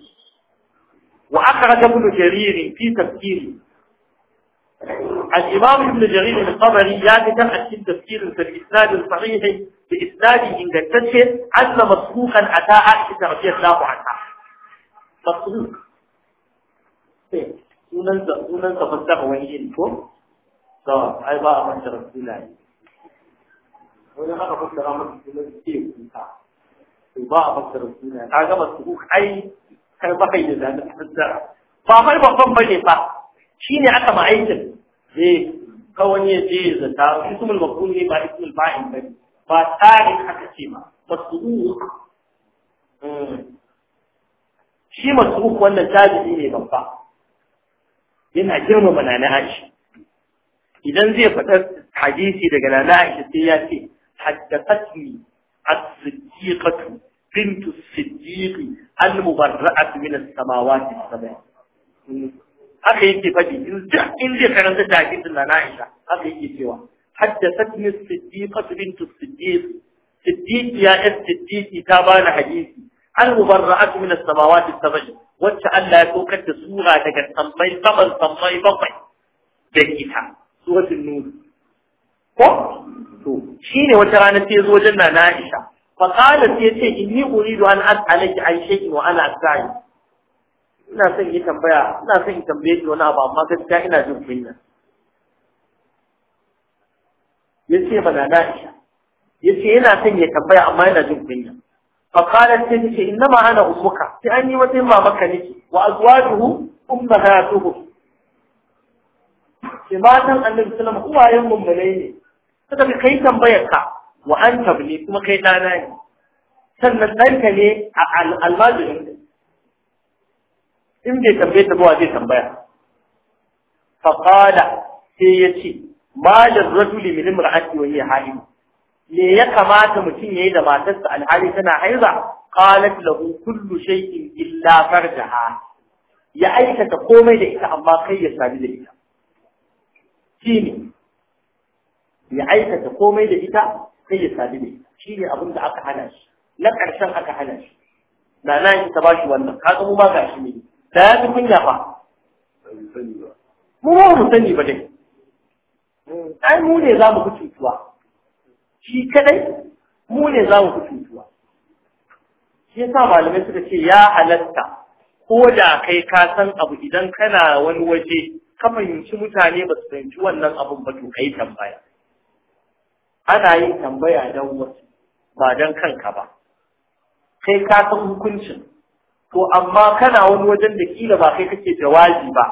wa akhraj ibn jarir fi tafsiri ابن جرير الطبري يذكر أكيد تفسير في الإسناد الصحيح بإسناد إن قدتشه أن مسروقا أتى عائشة رضي الله عنها مسروق sunan sa fassara wani yin ko to ba a fassara sunaye wani haka fassara masa sunan kuka ba ka ga masu ai kai ba kai da zan fassara ba mai babban ba fa ba. aka ma aikin eh ka wani ya je ya zata ismul ba ne ba ba fa'il ba ba tsarin aka ce ma mas'ul hmm. shi mas'ul wannan tabi'i ne babba yana girmama nana idan zai faɗa hadisi daga nana Aisha sai ya ce haddathatni الصديقة بنت الصديق المبرأة من السماوات السبع haka yake faɗi in zai karanta tafisin na na'isha haka yake cewa haddasat ni siddiqat bint siddiq siddiqi ya yar siddiqi ta bani hadisi al mubarra'at min as-samawati as-sab'i wacce Allah ya tokar da sura daga sammai saman sammai bakwai ko to shine wata rana sai zo wajen na Aisha fa qala sai yace inni uridu an as'alaki an shay'in wa ana sa'i ina son yi tambaya ina son yi tambaye ki wani abu amma gaskiya ina jin kunya yace ba na Aisha yace yana son ya tambaya amma yana jin kunya fa qala sai yace innama ana ummuka sai an yi wata mamaka nake wa azwajuhu ummahatuhu sai matan annabi sallallahu alaihi wasallam uwayen mummunai ne Saka kai tambayar ka wa an tabni kuma kai ɗana ne. Sannan ɗanka ne a almajirin in bai tambaye ta ba zai tambaya. Faƙala sai ya ce, da rajuli min imra'ati wa hiya halim. Me ya kamata mutum yayi da matarsa alhali tana haiza? Qalat lahu kullu shay'in illa farjaha. Ya aikata komai da ita amma kai ya sami da ita. Shine ya aikata komai da ita sai ya sadu ne shi ne abin da aka hana shi na ƙarshen aka hana shi na na ta ba shi wannan kaga mu ma ga shi ne da ya fi kunya fa mu ba mu sani ba dai ai mu ne za mu fi cutuwa shi kadai mu ne za mu fi cutuwa shi yasa malamai suka ce ya halatta ko da kai ka san abu idan kana wani waje ka fahimci mutane ba su fahimci wannan abun ba to yi tambaya ana yin tambaya don wasu ba don kanka ba kai ka san hukuncin to amma kana wani wajen da kila ba kai kake jawabi ba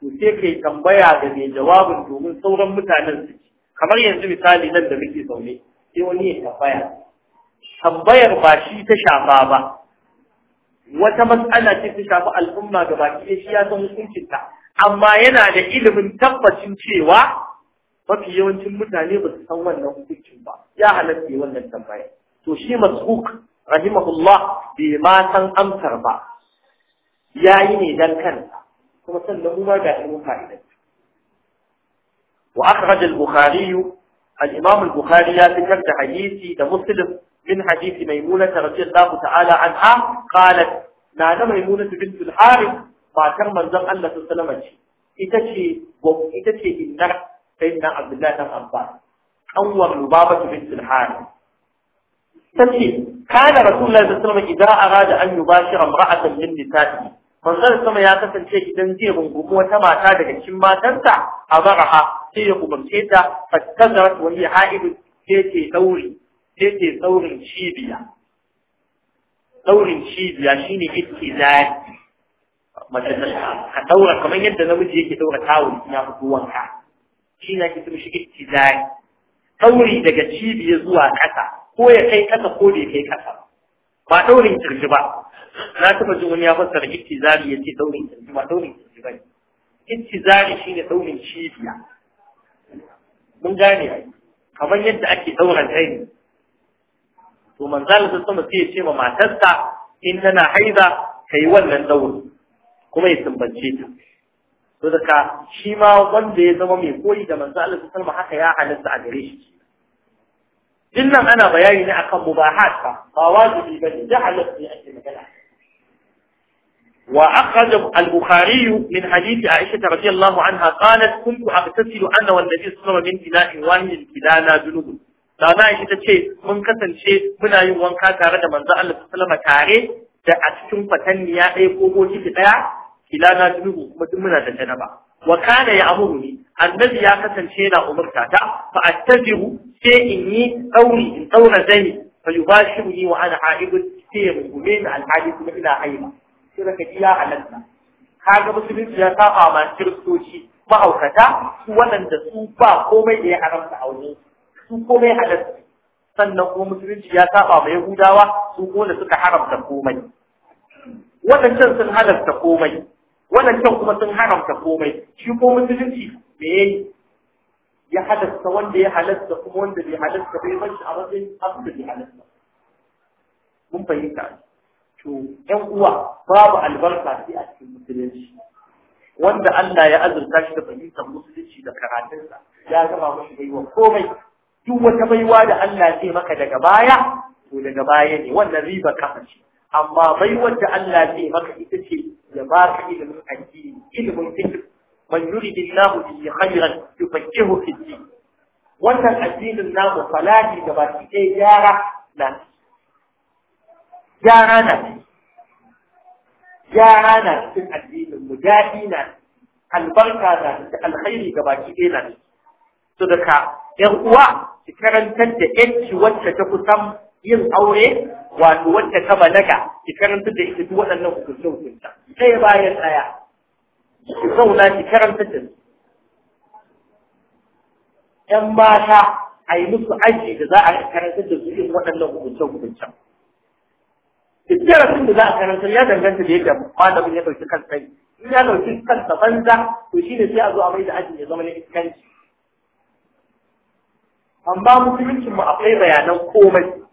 to sai kai tambaya ga mai jawabin domin sauran mutanen su kamar yanzu misali nan da muke zaune sai wani ya tambaya tambayar ba shi ta shafa ba wata matsala ce ta shafi al'umma ga baki shi ya san hukuncinta amma yana da ilimin tabbacin cewa mafi yawancin mutane ba su san wannan hukuncin ba ya halatta yi wannan tambaya to shi mashuk rahimahullah bai ma san amsar ba ya yi ne dan kansa kuma sannan mu ma ga shi muka wa akhraj al-bukhari al-imam al-bukhari ya fitar da hadisi da muslim min hadisi maimuna radiyallahu ta'ala anha qalat na da maimuna bint al-harith matar manzon Allah sallallahu alaihi wasallam ita ce ita ce innar sayyidina abdullahi dan abbas anwar lubabatu bint al-harith tace kana rasulullahi sallallahu alaihi wasallam idan arada an yubashira imra'atan min nisa'i manzon sama ya kasance idan zai rungumi wata mata daga cikin matansa a baraha sai ya kubance ta fattazarat wa hiya ha'id sai ke dauri sai ke daurin cibiya daurin cibiya shine ittizai mace ta ka daura kamar yadda namiji yake daura tawul shi na ke shi ittizai ɗauri daga cibiya zuwa ƙasa ko ya kai ƙasa ko bai kai ƙasa ba ɗaurin kirji ba na taba ji wani ya fassara ittizari ya ce ɗaurin kirji ba ɗaurin kirji ba ittizari shine ɗaurin cibiya mun gane kamar yadda ake ɗauran kai to manzalin sun sama sai ya ce ma matarsa in tana haiza ka yi wannan ɗauri kuma ya sumbance ta to daga shi ma wanda ya zama mai koyi da manzo Allah su alaihi haka ya halatta a gare shi dinnan ana bayani ne akan mubahat fa ba wajibi bane da halatta ne ake magana وأخرج البخاري من حديث عائشة رضي الله عنها قالت كنت أغتسل أنا والنبي صلى الله عليه وسلم من إناء واحد كلانا جنوب da na shi ta ce mun kasance muna yin wanka tare da manzo Allah sallallahu alaihi tare da a cikin fatanniya ɗaya ko bokiti ɗaya Ila na junubu kuma duk muna da ba. wa kana ya amuruni annabi ya kasance yana umurta ta fa attabihu sai in yi tsauri in tsaura zani fa yubashiruni wa ana haibun sai ya rungume ni alhali kuma ina haiba sai ka ji ya halatta kaga musulunci ya saba ma kiristoci mahaukata su waɗanda su ba komai da ya haramta a wani. su komai halatta sannan kuma musulunci ya saba ma yahudawa su kuma da suka haramta komai waɗancan sun halarta komai wadancan kuma sun haramta komai shi ko musulunci me yayi ya halasta wanda ya halasta kuma wanda bai halasta bai bar a matsayin abin da bai halasta mun fahimta to ƴan uwa babu albarka sai a cikin musulunci wanda Allah ya azurta shi da fahimtar musulunci da karatunsa ya gama mashi baiwa komai duk wata baiwa da Allah zai maka daga baya to daga baya ne wannan riba kafa ce amma baiwar da Allah zai maka ita ce ya ba ka ilimin addini ilimin fikir man yuridi Allahu bihi khairan yufaqqihu fi din wannan addinin namu falahi da baki ɗaya gyara na gyara na gyara na cikin addinin mu daɗi na albarka na alkhairi ga baki ɗaya na su ‘yan uwa ki karantar da ‘yanci wacce ta kusan yin aure wato wanda ka balaga ki karanta da ita duk waɗannan hukunta sai ya baya tsaya ki zauna ki karanta da su ‘yan mata a yi musu aji da za a karanta da su yin waɗannan hukunce-hukuncen. Duk da za a karanta ya danganta da yadda malamin ya ɗauki kansa yi. In ya ɗauki kansa banza, to shi ne sai a zo a mai da aji ya zama na iskanci. Amma musulunci mu akwai bayanan komai.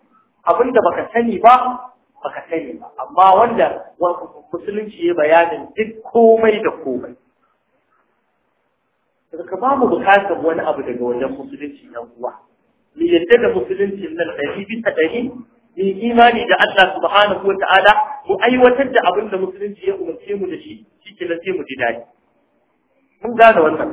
abinda baka sani ba baka sani ba amma wanda musulunci ya bayanin duk komai da komai daga babu bukatar wani abu daga wajen musulunci na uwa mu yadda da musulunci nan ɗari bisa ɗari mu imani da Allah subhanahu wa ta'ala mu aiwatar da abin da musulunci ya umarce mu da shi cikin nan sai mu ji daɗi mun gane wannan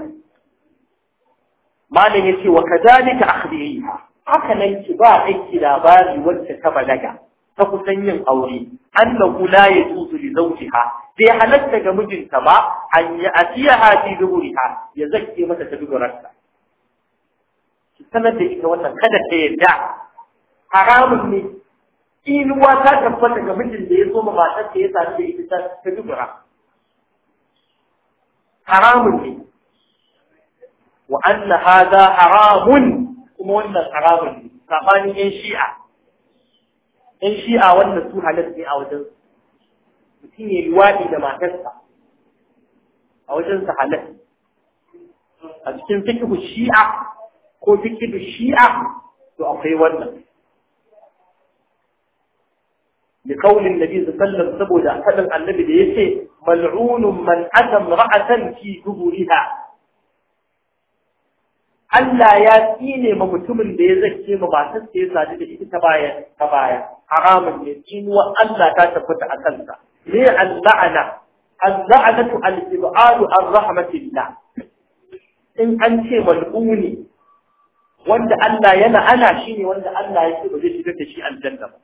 malam ya ce wa kadalika akhbiriha haka nan ki ba aiki labari wacce ta balaga ta kusan yin aure annahu la yajuzu li zawjiha bai halatta ga mijinta ba an ya asiyaha fi duburiha ya zakke mata ta dubararsa. ki sanar da ita wannan kada ta yarda haramun ne inuwa ta tabbata ga mijin da ya zo ma matar ta ya sami da ita ta dubura haramun ne wa anna hadha haramun kuma wannan haramun ne sabanin yan shi'a yan shi'a wannan su halal ne a wajen mutum ya waɗi da matarsa a wajen su halal a cikin fikihu shi'a ko fikihu shi'a to akwai wannan لقول النبي صلى الله saboda a سبودا annabi da ya ce mal'unun من أتى ki في ita? Allah ya tsine ma mutumin da ya zace ma matar da ya sadu da ita ta baya ta baya haramun ne wa Allah ta tabbata a kansa ne al-la'ana al-la'anatu al-ibadu ar rahmatillah in an ce mal'uni wanda Allah yana ana shine wanda Allah ya ce ba zai shiga da shi aljanna ba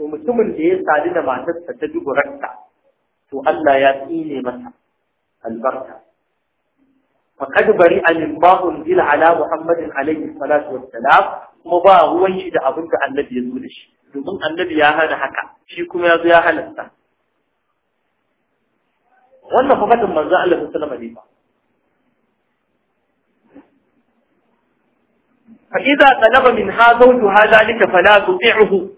to mutumin da ya sadu da matarsa ta duburarta to Allah ya tsine masa albarka faqad bari an ma unzila ala muhammadin alaihi salatu wassalam kuma ba ruwan shi da abin da annabi ya zo da shi domin annabi ya hana haka shi kuma ya zo ya halasta wannan fa fadin manzo Allah sallallahu alaihi wasallam fa idza talaba min hadha zawjuha zalika fala tu'ihu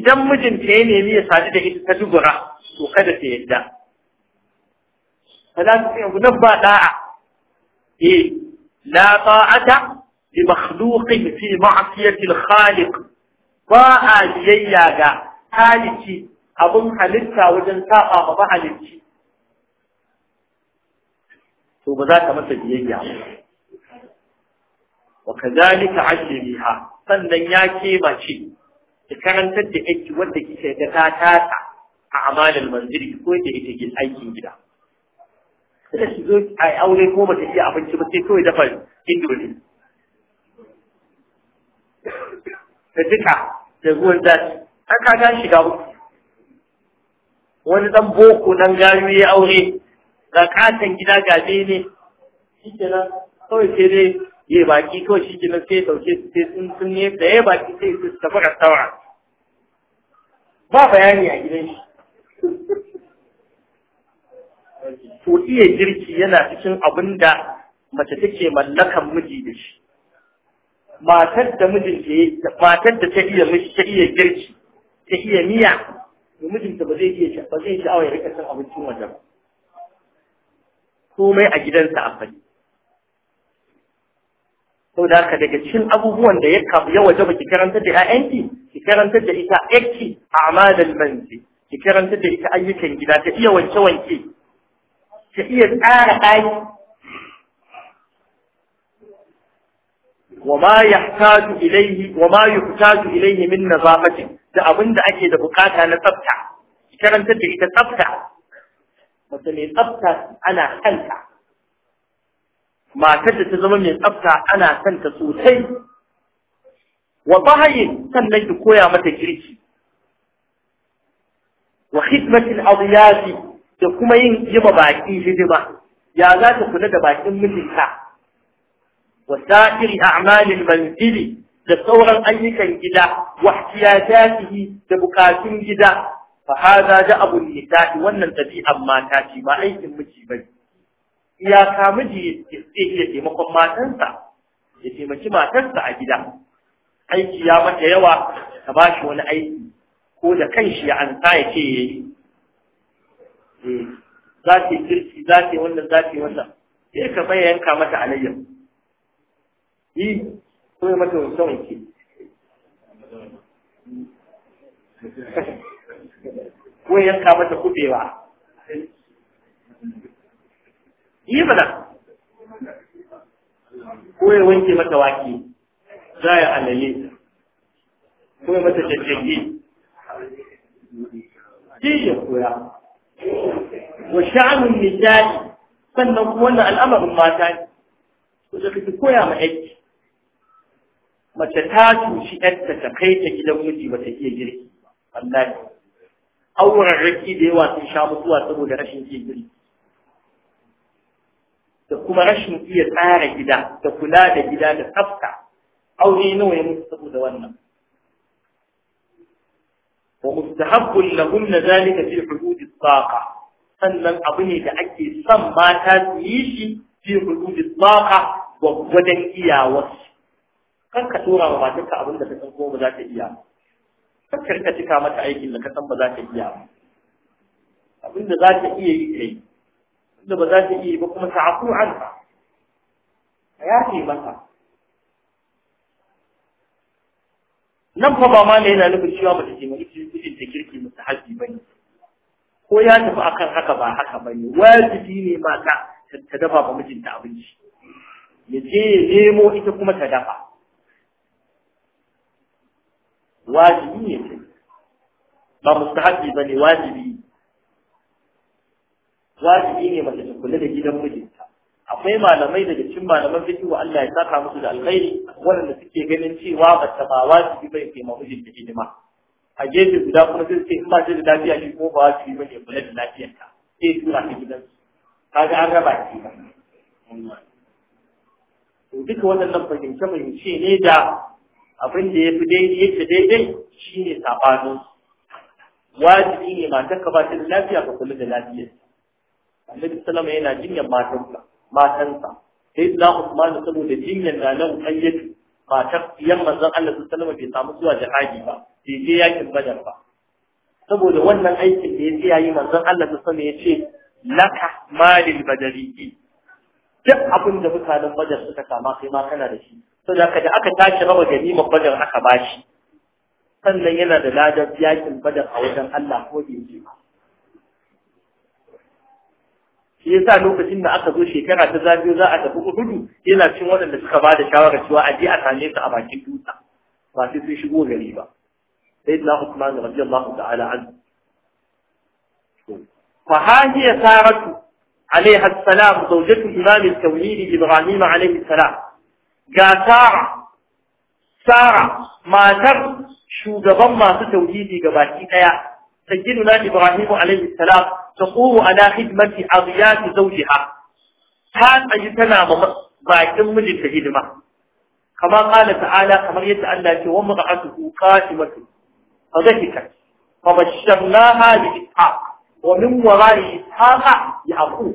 idan mijinta ya nemi ya sadu da ita ta dubura to kada ta yadda فلا تطيع نبى لا إيه لا طاعة لمخلوق في معصية الخالق باء ليجا خالقي أبن حلتا وجن ساقا ما حلتي to ba za ka masa biyayya ba wa kadhalika ajliha sannan ya kebace ki karantar da yake wanda kike ga ta tata a amanar manzili ko da ita aikin gida Kada shi zo a aure ko ba ta iya abinci ba sai kawai dafa indomi. Da duka da ruwan zaki, An kaga shiga uku. Wani ɗan boko nan gari ya aure ga katon gida gabe ne. Shi kenan kawai sai dai yi baki kawai shi kenan sai dauke su sai sun sun ne da ya baki sai su tafi rastawa. Ba bayani a gidan shi. to iya girki yana cikin abin da mace take mallakan miji da shi matar da mijin matar da ta iya miji ta iya girki ta iya miya to mijinta ba zai iya ba zai sha'awa ya rika cin abincin waje ba komai a gidansa a fari sau da haka daga cikin abubuwan da ya waje ba ki karanta da 'ya'yanki ki karanta da ita yakki a amalan manzi ki karanta da ita ayyukan gida ta iya wanke-wanke ta iya tsara ɗaki wa ma yahtaju ilayhi wa ma yuhtaju ilayhi min nazafati da ake da bukata na tsafta karanta da ita tsafta mace mai tsafta ana kanta matar da ta zama mai tsafta ana kanta sosai wa bahayin sannan ki koya mata girki wa khidmatil adiyafi da kuma yin gima baki hidima ya za ta kula da bakin mijinta wa sa'iri a'malil manzili da sauran ayyukan gida wa ihtiyajatihi da bukatun gida fa hada da abu nisa'i wannan tabi'an mata ce ba aikin miji bane iyaka miji ya iya taimakon matansa ya taimaki matarsa a gida aiki ya mata yawa ka ba shi wani aiki ko da kanshi ya ansa ya ce yi. Eh, za kirki za wannan za wannan sai ka bai yanka mata alayyar yi ko mata wanke wanke ko ya yanka mata kubewa yi mana ko ya wanke mata waki za ya alaye ko ya mata jajjage Jiya koya, wa sha'anun nisa'i sannan kuma wannan al'amarin mata ne ko da kake koya ma aiki mace ta cuci yarta ta kai ta gidan miji ba ta iya girki wallahi auren raki da yawa sun sha mutuwa saboda rashin iya girki da kuma rashin iya tsara gida da kula da gida da tsafta aure nawa ya mutu saboda wannan wa mustahabbun lahum na zalika fi hudud tsaqa sannan abu ne da ake son mata su yi shi fi hududin tsaqa gwaggwadon iyawarsu kan ka tura ma matarka abin da ka san kuma ba za ta iya kan ka rika cika mata aikin da ka san ba za ta iya ba abin da za ta iya yi kai abinda ba za ta iya ba kuma ta afu an ka ya ce mata nan fa ba ma ne yana nufin cewa ba ta ke mai cikin da kirki musu haji ba ne ko ya tafi akan haka ba haka ba ne wajibi ne mata ta dafa ba mijinta abinci ya je ya nemo ita kuma ta dafa wajibi ne ba mustahabi ba ne wajibi wajibi ne mace ta kula da gidan mijinta akwai malamai daga cikin malaman fiki wa Allah ya saka musu da alkhairi waɗanda suke ganin cewa ba ta ba wajibi bai kai ma mijinta hidima a gefe guda kuma sai ce in ba ta da lafiya shi ko ba su yi bane kula da lafiyar ta sai tura ta gidan kaga an raba shi ba to duka waɗannan fahimce fahimce ne da abin da ya fi daidai yake daidai ne sabanin wajibi ne matar ka ba ta da lafiya ka kula da lafiyar Annabi sallama yana jinyar matansa matansa sai na Usman saboda jinyar na nan kayyata matar yan manzon Allah sallallahu alaihi wasallam bai samu zuwa jihadi ba sai je yakin badar ba saboda wannan aikin da ya tsaya yi manzon Allah sallallahu alaihi ya ce laka malil badariyi duk abin da mutanen badar suka kama kai ma kana da shi saboda haka da aka tashi raba ganimar badar aka shi. sannan yana da ladar yakin badar a wajen Allah ko bai ba shi yasa lokacin da aka zo shekara ta zafi za a tafi uhudu yana cin waɗanda suka ba da shawara cewa a je a same su a bakin dutsa. ba sai sun shigo gari ba sai na Usman radiyallahu ta'ala an fa hahiya saratu alaiha assalam zawjatu imam al-tawhid ibrahim alaihi salam ga sara sara matar shugaban masu tauhidi gabaki daya sayyiduna ibrahim alaihi salam taqumu ala khidmati adiyati zawjiha ta tsayi tana ma bakin mijinta hidima kama qala ta'ala kamar yadda Allah ce wa mar'atuhu qa'imatun fadhahikat fabashsharnaha bi ishaq wa min wara'i ishaq yaqub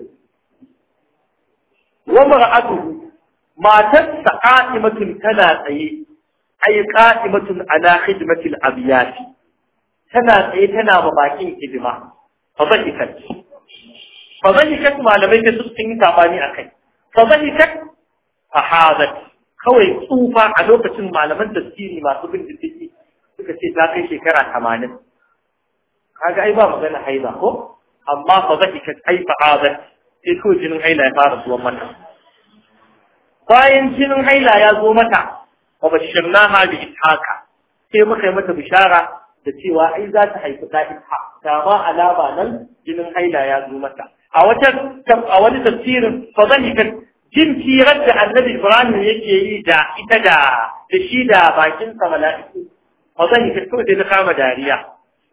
wa mar'atuhu matarsa qa'imatun tana tsaye ay qa'imatun ala khidmati tana tsaye tana ma bakin hidima فضحكت فضحكت malamai da sun yi sabani akai a فحاذت kawai tsufa a lokacin malaman tafsiri masu bin diddiki suka ce ta kai shekara tamanin kaga ai ba magana haila ko amma fadhahikat ai fa'adat sai kawai jinin haila ya fara zuwa mata bayan jinin haila ya zo mata wa bashirnaha bi ithaka sai muka yi mata bishara da cewa ai za ta haifi ta ithaka ba alaba nan jinin haila ya zo mata a wata a wani tafsirin fa kan jin firar da annabi ibrahim yake yi da ita da da shi da bakin sa mala'iku fa kan to sai ta kama dariya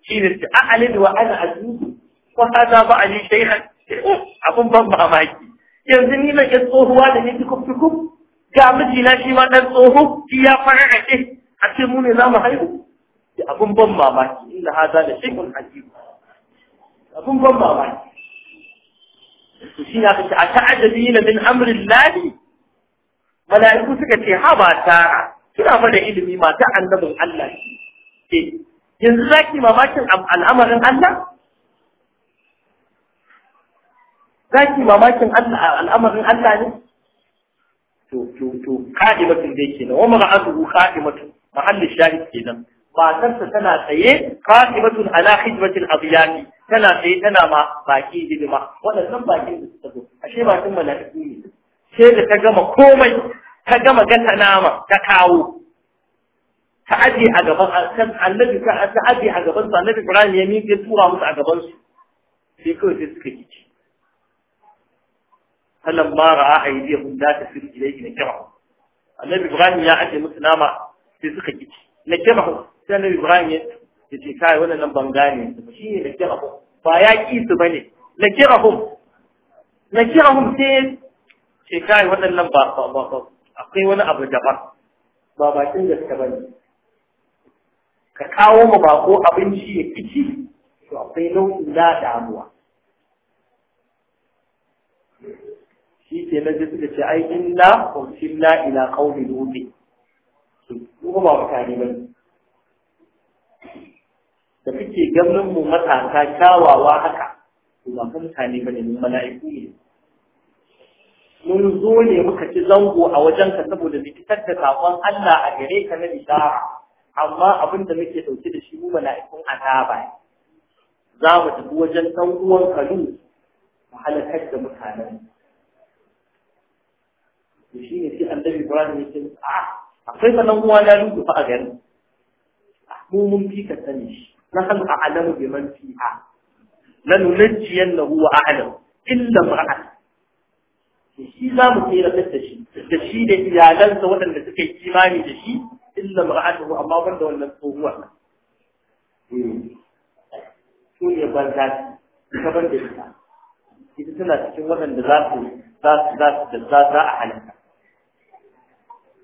shi ne ta a'alid wa ana azizu ko hada ba ali shaykhan oh, abun ban mamaki yanzu ni na yan tsohuwa da ni kikuf kikuf ga na shi ma dan tsoho shi ya fara a a ce mu ne za mu haihu abun ban mamaki inda hada da shaykhun azizu abin ban mamaki shi ya kace a ta'ajabina min amrin lahi mala'iku suka ce ha ba tara kina fa da ilimi mata annabin Allah ce yanzu za ki mamakin al'amarin Allah zaki mamakin Allah al'amarin Allah ne to to to qa'imatun dai kenan wa mar'atuhu qa'imatun mahallu shahid kenan matarsa tana tsaye qa'imatun ala khidmatil abyani tana sai tana ma baki hidima waɗannan bakin da suka zo ashe bakin mala'iku ne sai da ta gama komai ta gama gata nama ta kawo ta aje a gaban annabi ta aje a gaban su annabi Ibrahim ya miƙe tura musu a gaban su sai kawai sai suka gici falan ma ra'a ta la tasir ilayhi kira annabi Ibrahim ya aje musu nama sai suka gici kira sai annabi Ibrahim ya ce kai wannan nan ban gane shi ne nakirahum ba ya ki su bane kira nakirahum sai ce kai wannan nan ba ba akwai wani abu da ba bakin gaske bane ka kawo ma bako abinci ya kici to akwai nau'in da damuwa shi ke nan sai suka ce ai inna inna ila qawli lut to kuma ba ne bane da kike ganin mu matasa kyawawa haka kuma ba ka mutane ba ne mala'iku ne mun zo ne muka ci zango a wajen ka saboda zikitar da sakon Allah a gare ka na bishara amma abin da muke dauke da shi mu mala'ikun azaba za mu tafi wajen san uwan kalu mu halakar da mutanen to shi ne sai annabi Ibrahim ya ce a ah, akwai sanan uwa na lutu fa a gari ah, mu mun fi ka sani shi Na a'lamu biman fiha lanunajjiyannahu wa a'lamu illa mar'at shi za mu tsira da shi da shi da iyalansa waɗanda suka yi da shi illa mar'atuhu amma banda wannan tsohuwa su ne banza ta ban da ita ita tana cikin waɗanda za su za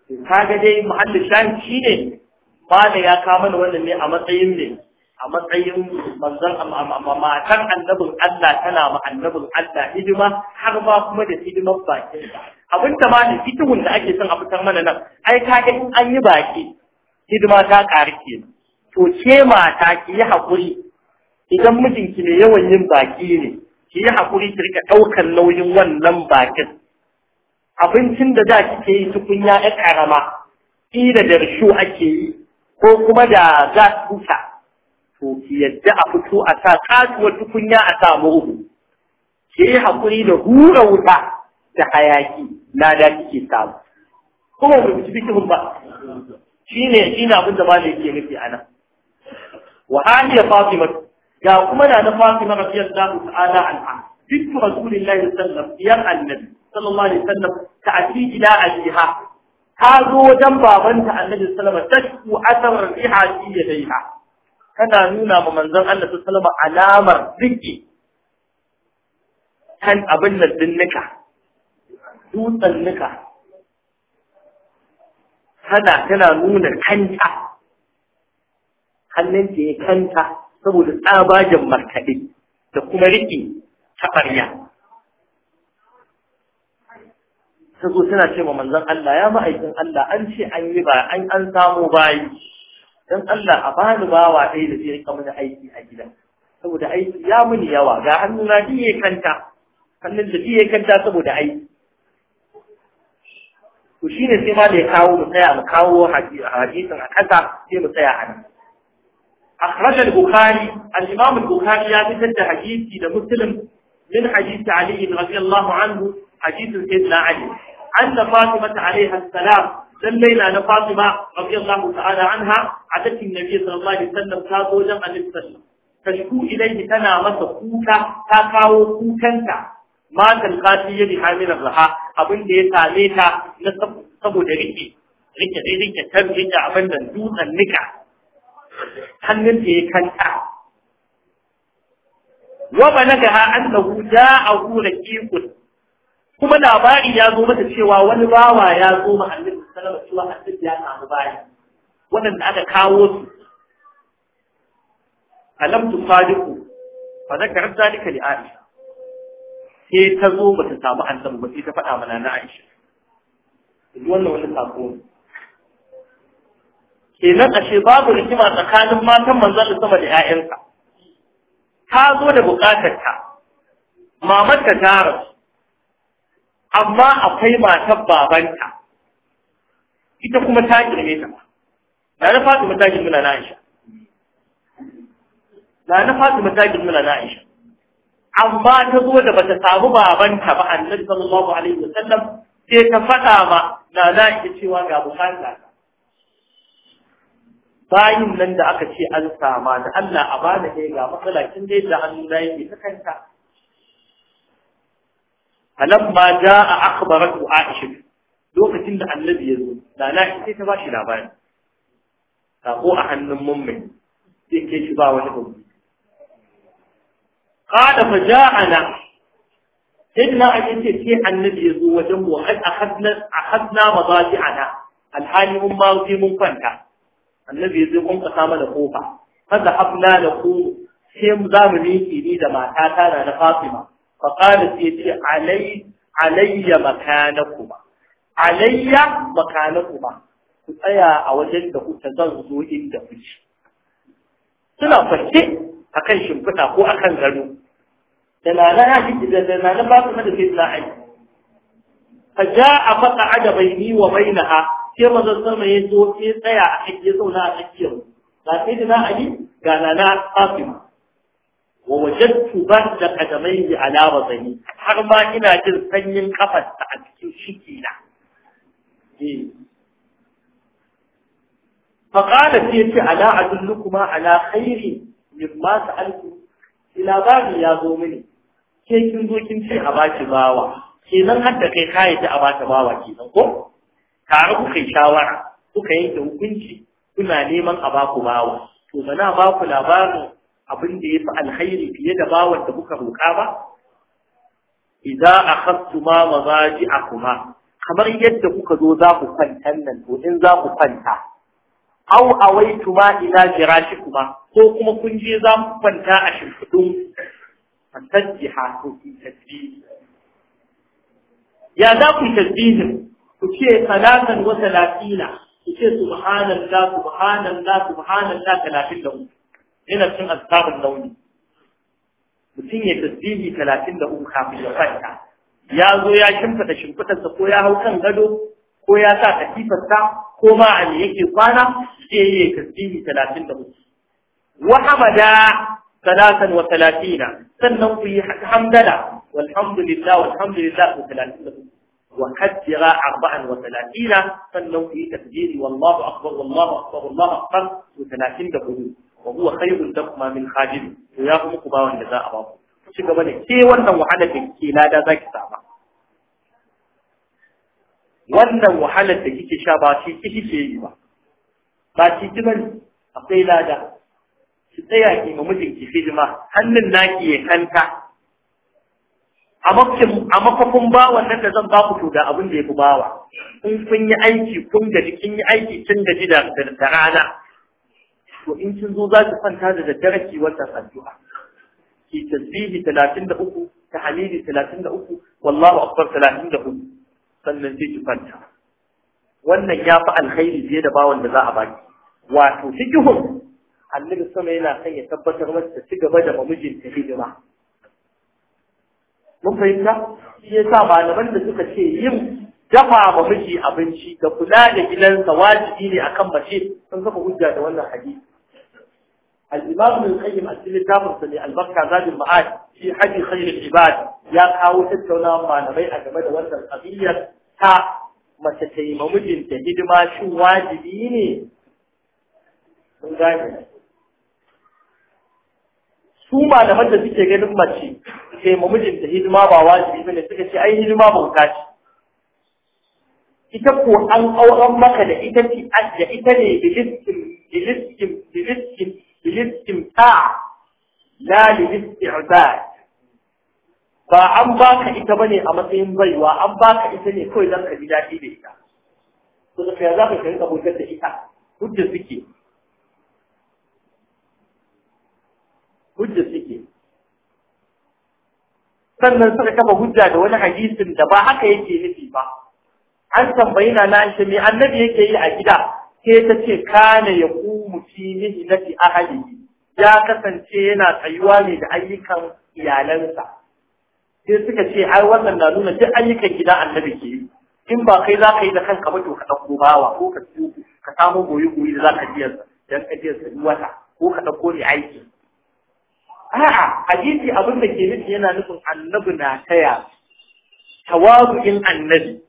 a kaga dai muhallin shahi shine ba da ya kawo mana wannan ne a matsayin ne a matsayin manzon matan annabin Allah tana ma annabin Allah hidima har ma kuma da hidimar bakin abin da ma da da ake son a fitar mana nan ai ka ga in an yi baki hidima ta ƙari ke to ce mata ki yi haƙuri idan mijinki ne yawan yin baki ne ki yi haƙuri ki rika ɗaukar nauyin wannan bakin abincin da za ke yi tukunya ya ƙarama ƙila da rishu ake yi ko kuma da gas kuka to yadda a fito a sa katuwar tukunya a samu uku ke haƙuri da hura wuta da hayaki na da kike samu kuma ba ci bikin ba Shi shine shine abin da malai yake nufi anan wa hadiya fatima ga kuma na da fatima radiyallahu ta'ala anha bint rasulillahi sallallahu alaihi wasallam sallallahu alaihi ta ta'ti ila ajiha ta zo wajen babanta annabi sallallahu alaihi wasallam tashku asar riha fi yadayha tana nuna ma manzon Allah sallallahu alaihi alamar zikki kan abin nan din nika dutsen nika tana tana nuna kanta hannunta ya kanta saboda tsabajin markaɗe da kuma riƙe ɓarya. ta zo tana ce ma manzon Allah ya aikin Allah an ce an yi ba an an samu bayi dan Allah a bani bawa ɗaya da zai rika mana aiki a gida saboda aiki ya mun yawa ga hannuna diye kanta hannun da diye kanta saboda aiki to shine sai ma da ya kawo mu tsaya mu kawo hadisin a kasa sai mu tsaya a nan أخرج البخاري الإمام البخاري يجد حديث إلى مسلم من حديث علي رضي الله عنه حديث سيدنا علي أن فاطمة عليها السلام lallai na na Fatima radiyallahu ta'ala anha atati nabi sallallahu alaihi wasallam ta zo dan annabi sallallahu ilayhi tana masa kuka ta kawo kukanta ma talqati yadi hamil raha abin da ya same ta na saboda riki rike dai rike tar rike abin da dukan nika hannun da ya kanta wa banaka ha annahu ja'ahu raqiqun kuma labari ya zo mata cewa wani bawa ya zo ma annabi sallallahu alaihi wasallam annabi ya samu bayi wannan aka kawo su alam sadiqu fa zakarat zalika li aisha sai ta zo ba ta samu annabi ba sai ta faɗa mana na aisha wannan wani sako ne kenan ashe babu rikima tsakanin matan manzon sama da 'ya'yansa ta zo da bukatarta mamarka ta rasu amma akwai matar babanta ita kuma ta girme ta na na fatima ta girme na Aisha na na fatima ta girme na Aisha amma ta zo da bata samu babanta ba annabi sallallahu alaihi wasallam sai ta faɗa ma na na Aisha cewa ga bukata bayin nan da aka ce an sama da Allah a bada ga matsala kin dai da hannu na yake ta kanta falamma jaa akhbaratu aisha lokacin da annabi ya zo da na sai ta ba bashi labari ko a hannun mummin sai ke shi ba wani babu qala fa ja'ana sayyidina ake ce sai annabi ya zo wajen mu a akhadna akhadna mazaji'ana alhali mun ma mun kwanta annabi ya zo kun kasa mana kofa fa zahabna da ku sai mu zamu ni da matata na Fatima فقالت يتي علي علي alayya علي ku tsaya a wajen da kuka zan zo inda kuci suna fashe akan shimfiɗa ko akan gado da na na yaji da na na ba su da sai na ai fa ja'a fa qa'ada wa bainaha sai mazan sama ya zo ya tsaya a kan ya zauna a tsakiyar ga sai na ali ga na na wa wajadtu barda qadamayhi ala wazani har ma ina jin sanyin kafarsa a cikin shiki na fa qala sai ce ala adullukuma ala khairi mimma sa'altu ila babi ya zo mini ke kin zo kin ce a baki bawa Ke har hadda kai ka ta a baka bawa nan ko tare ku kai shawara kuka yanke hukunci kuna neman a baku bawa to bana baku labarin abin da ya fi alkhairi fiye da bawan da kuka roƙa ba Iza idza akhadtuma kuma. kamar yadda kuka zo za ku kwanta nan to in za ku kwanta a ina awaituma shi kuma? ko kuma kun je za ku kwanta a shimfidun fatajjiha to ki tasbih ya za ku tasbihin ku ce salatan wata salatina ku ce subhanallah subhanallah subhanallah talatin da uku yana cin azkabun mutum ya tasbihi talatin da uku kafin ya kwanta ya zo ya shimfata shimfitarsa ko ya hau kan gado ko ya sa katifarsa ko ma a yake kwana sai ya yi tasbihi talatin da uku wa hamada ثلاثا وثلاثين سنن في حمد لله والحمد لله والحمد لله وثلاثين وكبر أربعا وثلاثين سنن في تكبير والله أكبر والله أكبر والله talatin da دقيقة wa huwa khayrun dakuma min khadim to ya fi ku ba wanda za a ba ku ci gaba da ke wannan wahala da kike lada zaki sama wannan wahala da kike sha ba shi kike ce yi ba ba shi kiban akwai lada ki tsaya ki ma mijinki hidima hannun naki ya kanta a makafin bawan nan da zan ba ku to da abin da ya fi bawa in kun yi aiki kun gaji kin yi aiki tun gaji da rana to in kin zo za ki kwanta da daddare ki wannan addu'a ki tasbihi 33 tahlili 33 wallahu akbar 34 sannan sai ki kwanta wannan ya fi alkhairi fiye da bawan da za a baki wato fikihun annabi sama yana son ya tabbatar masa ta cigaba da da mamijinta hidima mun fahimta shi sa malaman da suka ce yin dafa ma miji abinci da kula da gidansa wajibi ne akan mace sun saka hujja da wannan hadisi الإمام من القيم qayyim a cikin littafin sa ne في حج خير العباد hadi khair ya kawo tattaunawa malamai a game da wannan qadiyar ta mace ta yi su ba da suke ganin mace sai da hidima ba wajibi bane suka ce ai hidima bauta ci ita ko an auren maka da ita ce da ita ne biliskin bilis biliskin للاستمتاع لا للاستعباد ba an baka ita bane a matsayin baiwa an baka ita ne kawai don ka ji daɗi da ita to da ya za ka kai abokan da ita hujja suke hujja suke sannan suka kafa hujja da wani hadisin da ba haka yake nufi ba an tambayi na na shi me annabi yake yi a gida sai ta ce kana ya kumu fi mihnati ya kasance yana tsayuwa ne da ayyukan iyalansa sai suka ce ai wannan na nuna duk ayyukan gida annabi ke yi in ba kai za ka yi da kanka ba to ka ɗauko bawa ko ka ka samu goyi goyi da za ka biya dan ka biya sa wata ko ka ɗauko ne aiki a'a hadisi abin da ke nufi yana nufin annabi na taya tawazu'in annabi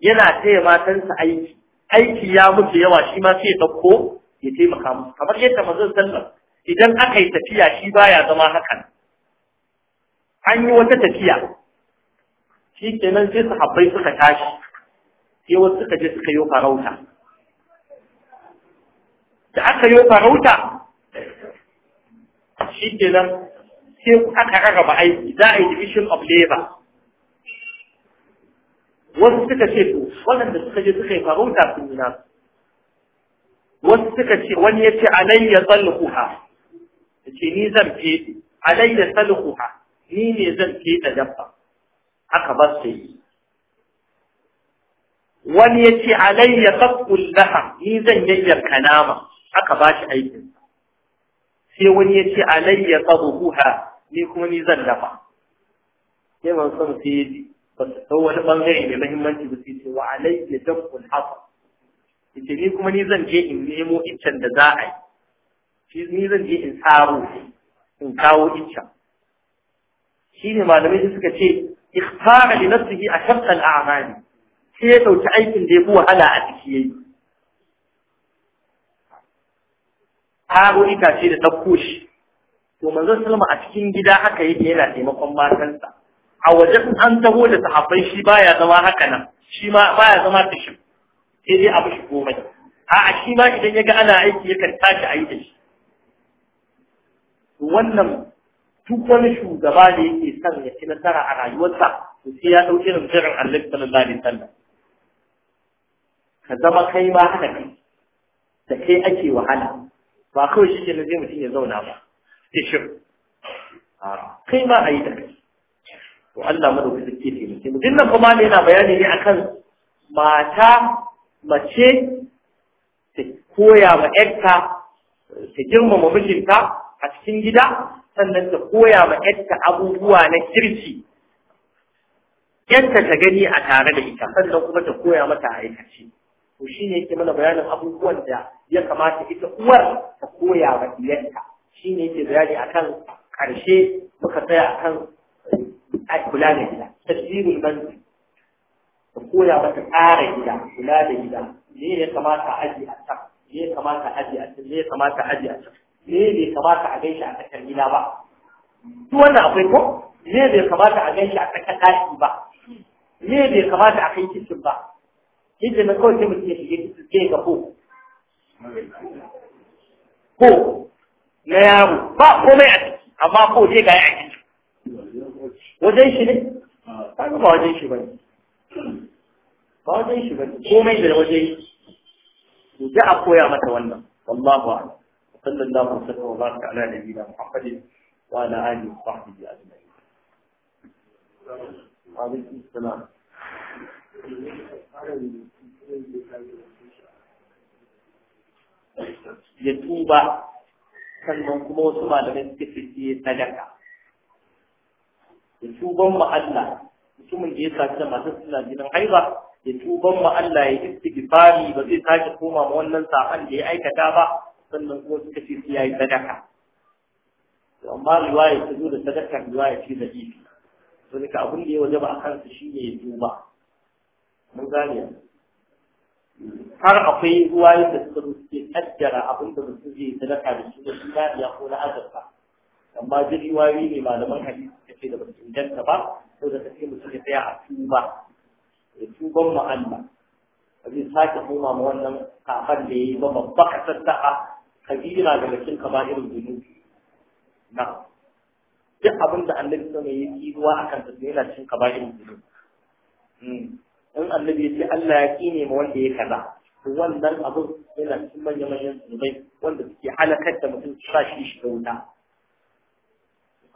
yana taya matansa aiki aiki ya mutu yawa shi ma sai ya dauko ya taimaka musu kamar yadda mazan sallar. idan aka yi tafiya shi baya zama hakan an yi wata tafiya shi kenan sai sahabbai suka tashi sai wasu suka je suka yi farauta da aka yi farauta shi kenan sai aka rarraba aiki za a yi division of labor wasu suka ce to waɗanda suka je suka yi farauta sun yi nasu wasu suka ce wani ya ce alayya tsalhuha ya ce ni zan fede alayya tsalhuha ni ne zan fede dabba haka ba su yi wani ya ce alayya tsakkul laha ni zan yayyanka nama haka ba shi aikin sai wani ya ce alayya tsalhuha ni kuma ni zan dafa sai man son sai ba su wani bangare mai mahimmanci ba su ce wa alayya dabbul hafa ita ni kuma ni zan je in nemo iccen da za a yi shi ni zan je in tsaro in kawo iccen shi ne malamai suka ce ikhtara li nafsihi ashaqqa al-a'mali sai ya dauki aikin da ya fi wahala a ciki yayi ita ce da ɗauko shi to manzon salma a cikin gida haka yake yana taimakon matansa a in an taho da sahabbai shi baya zama haka nan shi ma baya zama shi sai dai abu shi komai a'a shi ma idan ya ga ana aiki yakan tashi a yi da shi wannan duk wani shugaba ne yake son ya ci nasara a rayuwarsa to sai ya ɗauki da jiran Allah sallallahu alaihi wasallam ka zama kai ma haka kai da kai ake wahala ba kawai shi ke na zai mutum ya zauna ba sai kai ma a yi da kai to Allah madaukakin ke taimake mu dinnan kuma ne yana bayani ne akan mata mace ta koya ma ƴarta ta girmama mijinta a cikin gida sannan ta koya ma ƴarta abubuwa na kirki ƴarta ta gani a tare da ita sannan kuma ta koya mata a aikace to shine yake mana bayanin abubuwan da ya kamata ita uwar ta koya ma shi ne yake bayani akan ƙarshe muka tsaya akan a kula da gida tasirul banki ka koya mata tsara gida kula da gida me ya kamata a aji a can me ya kamata a aji a can me ya kamata a aji a can me bai kamata a gaishe a tsakar gida ba duk wannan akwai ko me bai kamata a gaishe a tsakar ɗaki ba me bai kamata a kai kicin ba yadda na kawai sai mutum ya shige kicin sai ga ko ko na yaro ba komai a ciki amma ko zai ga ya a wajen shi ne kaga ba wajen shi ba ne. ba wajen shi ba ne. komai da wajen shi da a koya mata wannan wallahu a'lam sallallahu a wa sallam wa baraka ala nabiyina muhammadin wa ala alihi wa sahbihi ajma'in wa alaikum salam ya tuba sannan kuma wasu malamai suka fi sadaka ya tuban mu Allah mutumin da ya sace masu suna jinin haiba ya tuban mu Allah ya istighfari ba zai sake koma ma wannan safan da ya aikata ba sannan kuma suka ce sai yayi sadaka to amma riwaya ta zo da sadaka riwaya ce da ifi to ka abin da ya waje ba a kansa shine ya tuba mun gane har akwai ruwaye da suka rufe kaddara abin da mutum zai sadaka da shi da shi ya ko na azurfa amma duk riwayoyi ne malaman hadisi suka ce da basu inganta ba ko da kace mutum ya tsaya a tuba da tuban mu Allah zai sake koma ma wannan kafar da yayi ba babba kasar da'a kabira daga cikin kabairin zunubi na duk abin da annabi sama ya yi ruwa akan sa yana cikin kabairin zunubi hmm. in annabi ya ce Allah ya kine ma wanda ya kaza to wannan abin yana cikin manyan manyan zunubai wanda suke halakar da mutum su sa shi shiga wuta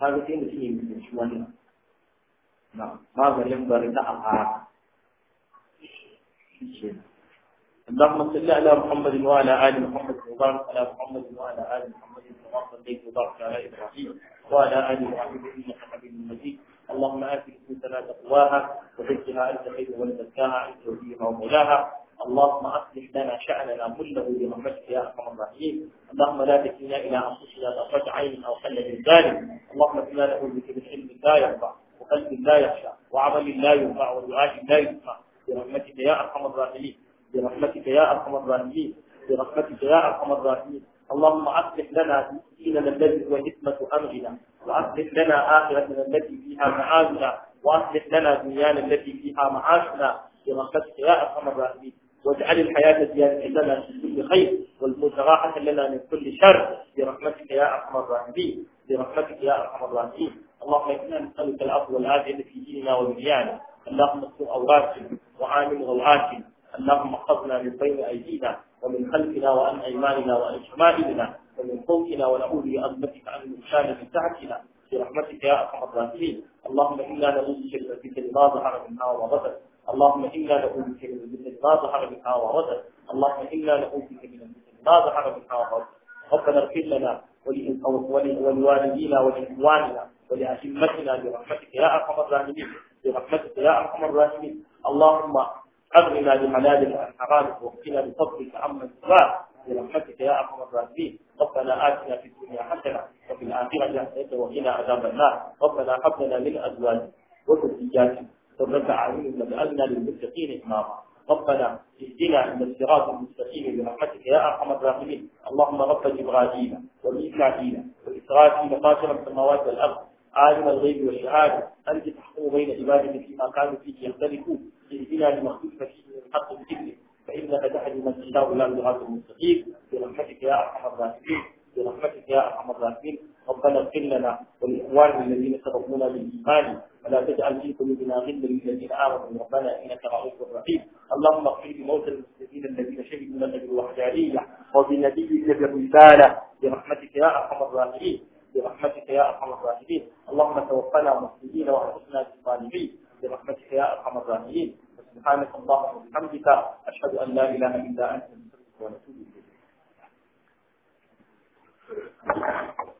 kaga sai mutum ya mutunci wannan na maganin bari na a fara اللهم صل على محمد وعلى ال محمد وبارك على محمد وعلى ال محمد كما صليت وبارك على ابراهيم وعلى ال ابراهيم انك حميد مجيد اللهم ات نفوسنا تقواها وزكها انت خير من زكاها انت وليها ومولاها اللهم اصلح لنا شاننا كله برحمتك يا ارحم الراحمين اللهم لا تكلنا الى انفسنا طرفه عين او خل من ذلك اللهم اكفنا له بك علم لا يرفع وقلب لا يخشى وعمل لا ينفع ودعاء لا يسمع برحمتك يا ارحم الراحمين برحمتك يا ارحم الراحمين برحمتك يا ارحم الراحمين اللهم اصلح لنا ديننا الذي هو عصمه امرنا واصلح لنا اخرتنا التي فيها معادنا واصلح لنا دنيانا التي فيها معاشنا برحمتك يا ارحم الراحمين واجعل الحياة زيادة لنا من كل خير والموت راحة لنا من كل شر برحمتك يا أرحم الراحمين برحمتك يا أرحم الراحمين اللهم إنا نسألك الأفضل والعافية في ديننا ودنيانا اللهم استر أوراتنا وعامل غوعاتنا اللهم احفظنا من بين أيدينا ومن خلفنا وعن أيماننا وعن شمائلنا ومن فوقنا ونعوذ بعظمتك عن المشان من تحتنا برحمتك يا أرحم الراحمين اللهم إنا نعوذ بك من ما ظهر اللهم إنا نعوذ بك من المثل ما ظهر منها وردت اللهم إنا نعوذ بك من المثل ما ظهر منها وردت ربنا اغفر لنا ولوالدينا ولإخواننا ولأئمتنا برحمتك يا أرحم الراحمين برحمتك يا أرحم الراحمين اللهم أغننا بحلال عن حرام واغفنا بفضلك عمن سواك برحمتك يا أرحم الراحمين ربنا آتنا في الدنيا حسنة وفي الآخرة حسنة وقنا عذاب النار ربنا حبنا من أزواجنا وذرياتنا رب العالمين واجعلنا للمتقين إماما ربنا اهدنا الى الصراط المستقيم برحمتك يا ارحم الراحمين اللهم رب إبراهيم وميكائيل واسرائيل فاطر السماوات والارض عالم الغيب والشهاده انت تحكم بين عبادك فيما كانوا فيه يختلفون اهدنا لما اختلف فيه من الحق باذنك فانك تهدي من تشاء الى المستقيم برحمتك يا ارحم الراحمين برحمتك يا ارحم الراحمين ربنا اغفر لنا ولإخواننا الذين سبقونا بالإيمان ولا تجعل في قلوبنا غلا للذين آمنوا ربنا إنك رؤوف رحيم اللهم اغفر لموتى المسلمين الذين شهدوا لك بالوحدانية وبنبيك بالرسالة برحمتك يا أرحم الراحمين برحمتك يا أرحم الراحمين اللهم توفنا مسلمين وأنفسنا بالظالمين برحمتك يا أرحم الراحمين سبحانك اللهم وبحمدك أشهد أن لا إله إلا أنت نستغفرك ونتوب إليك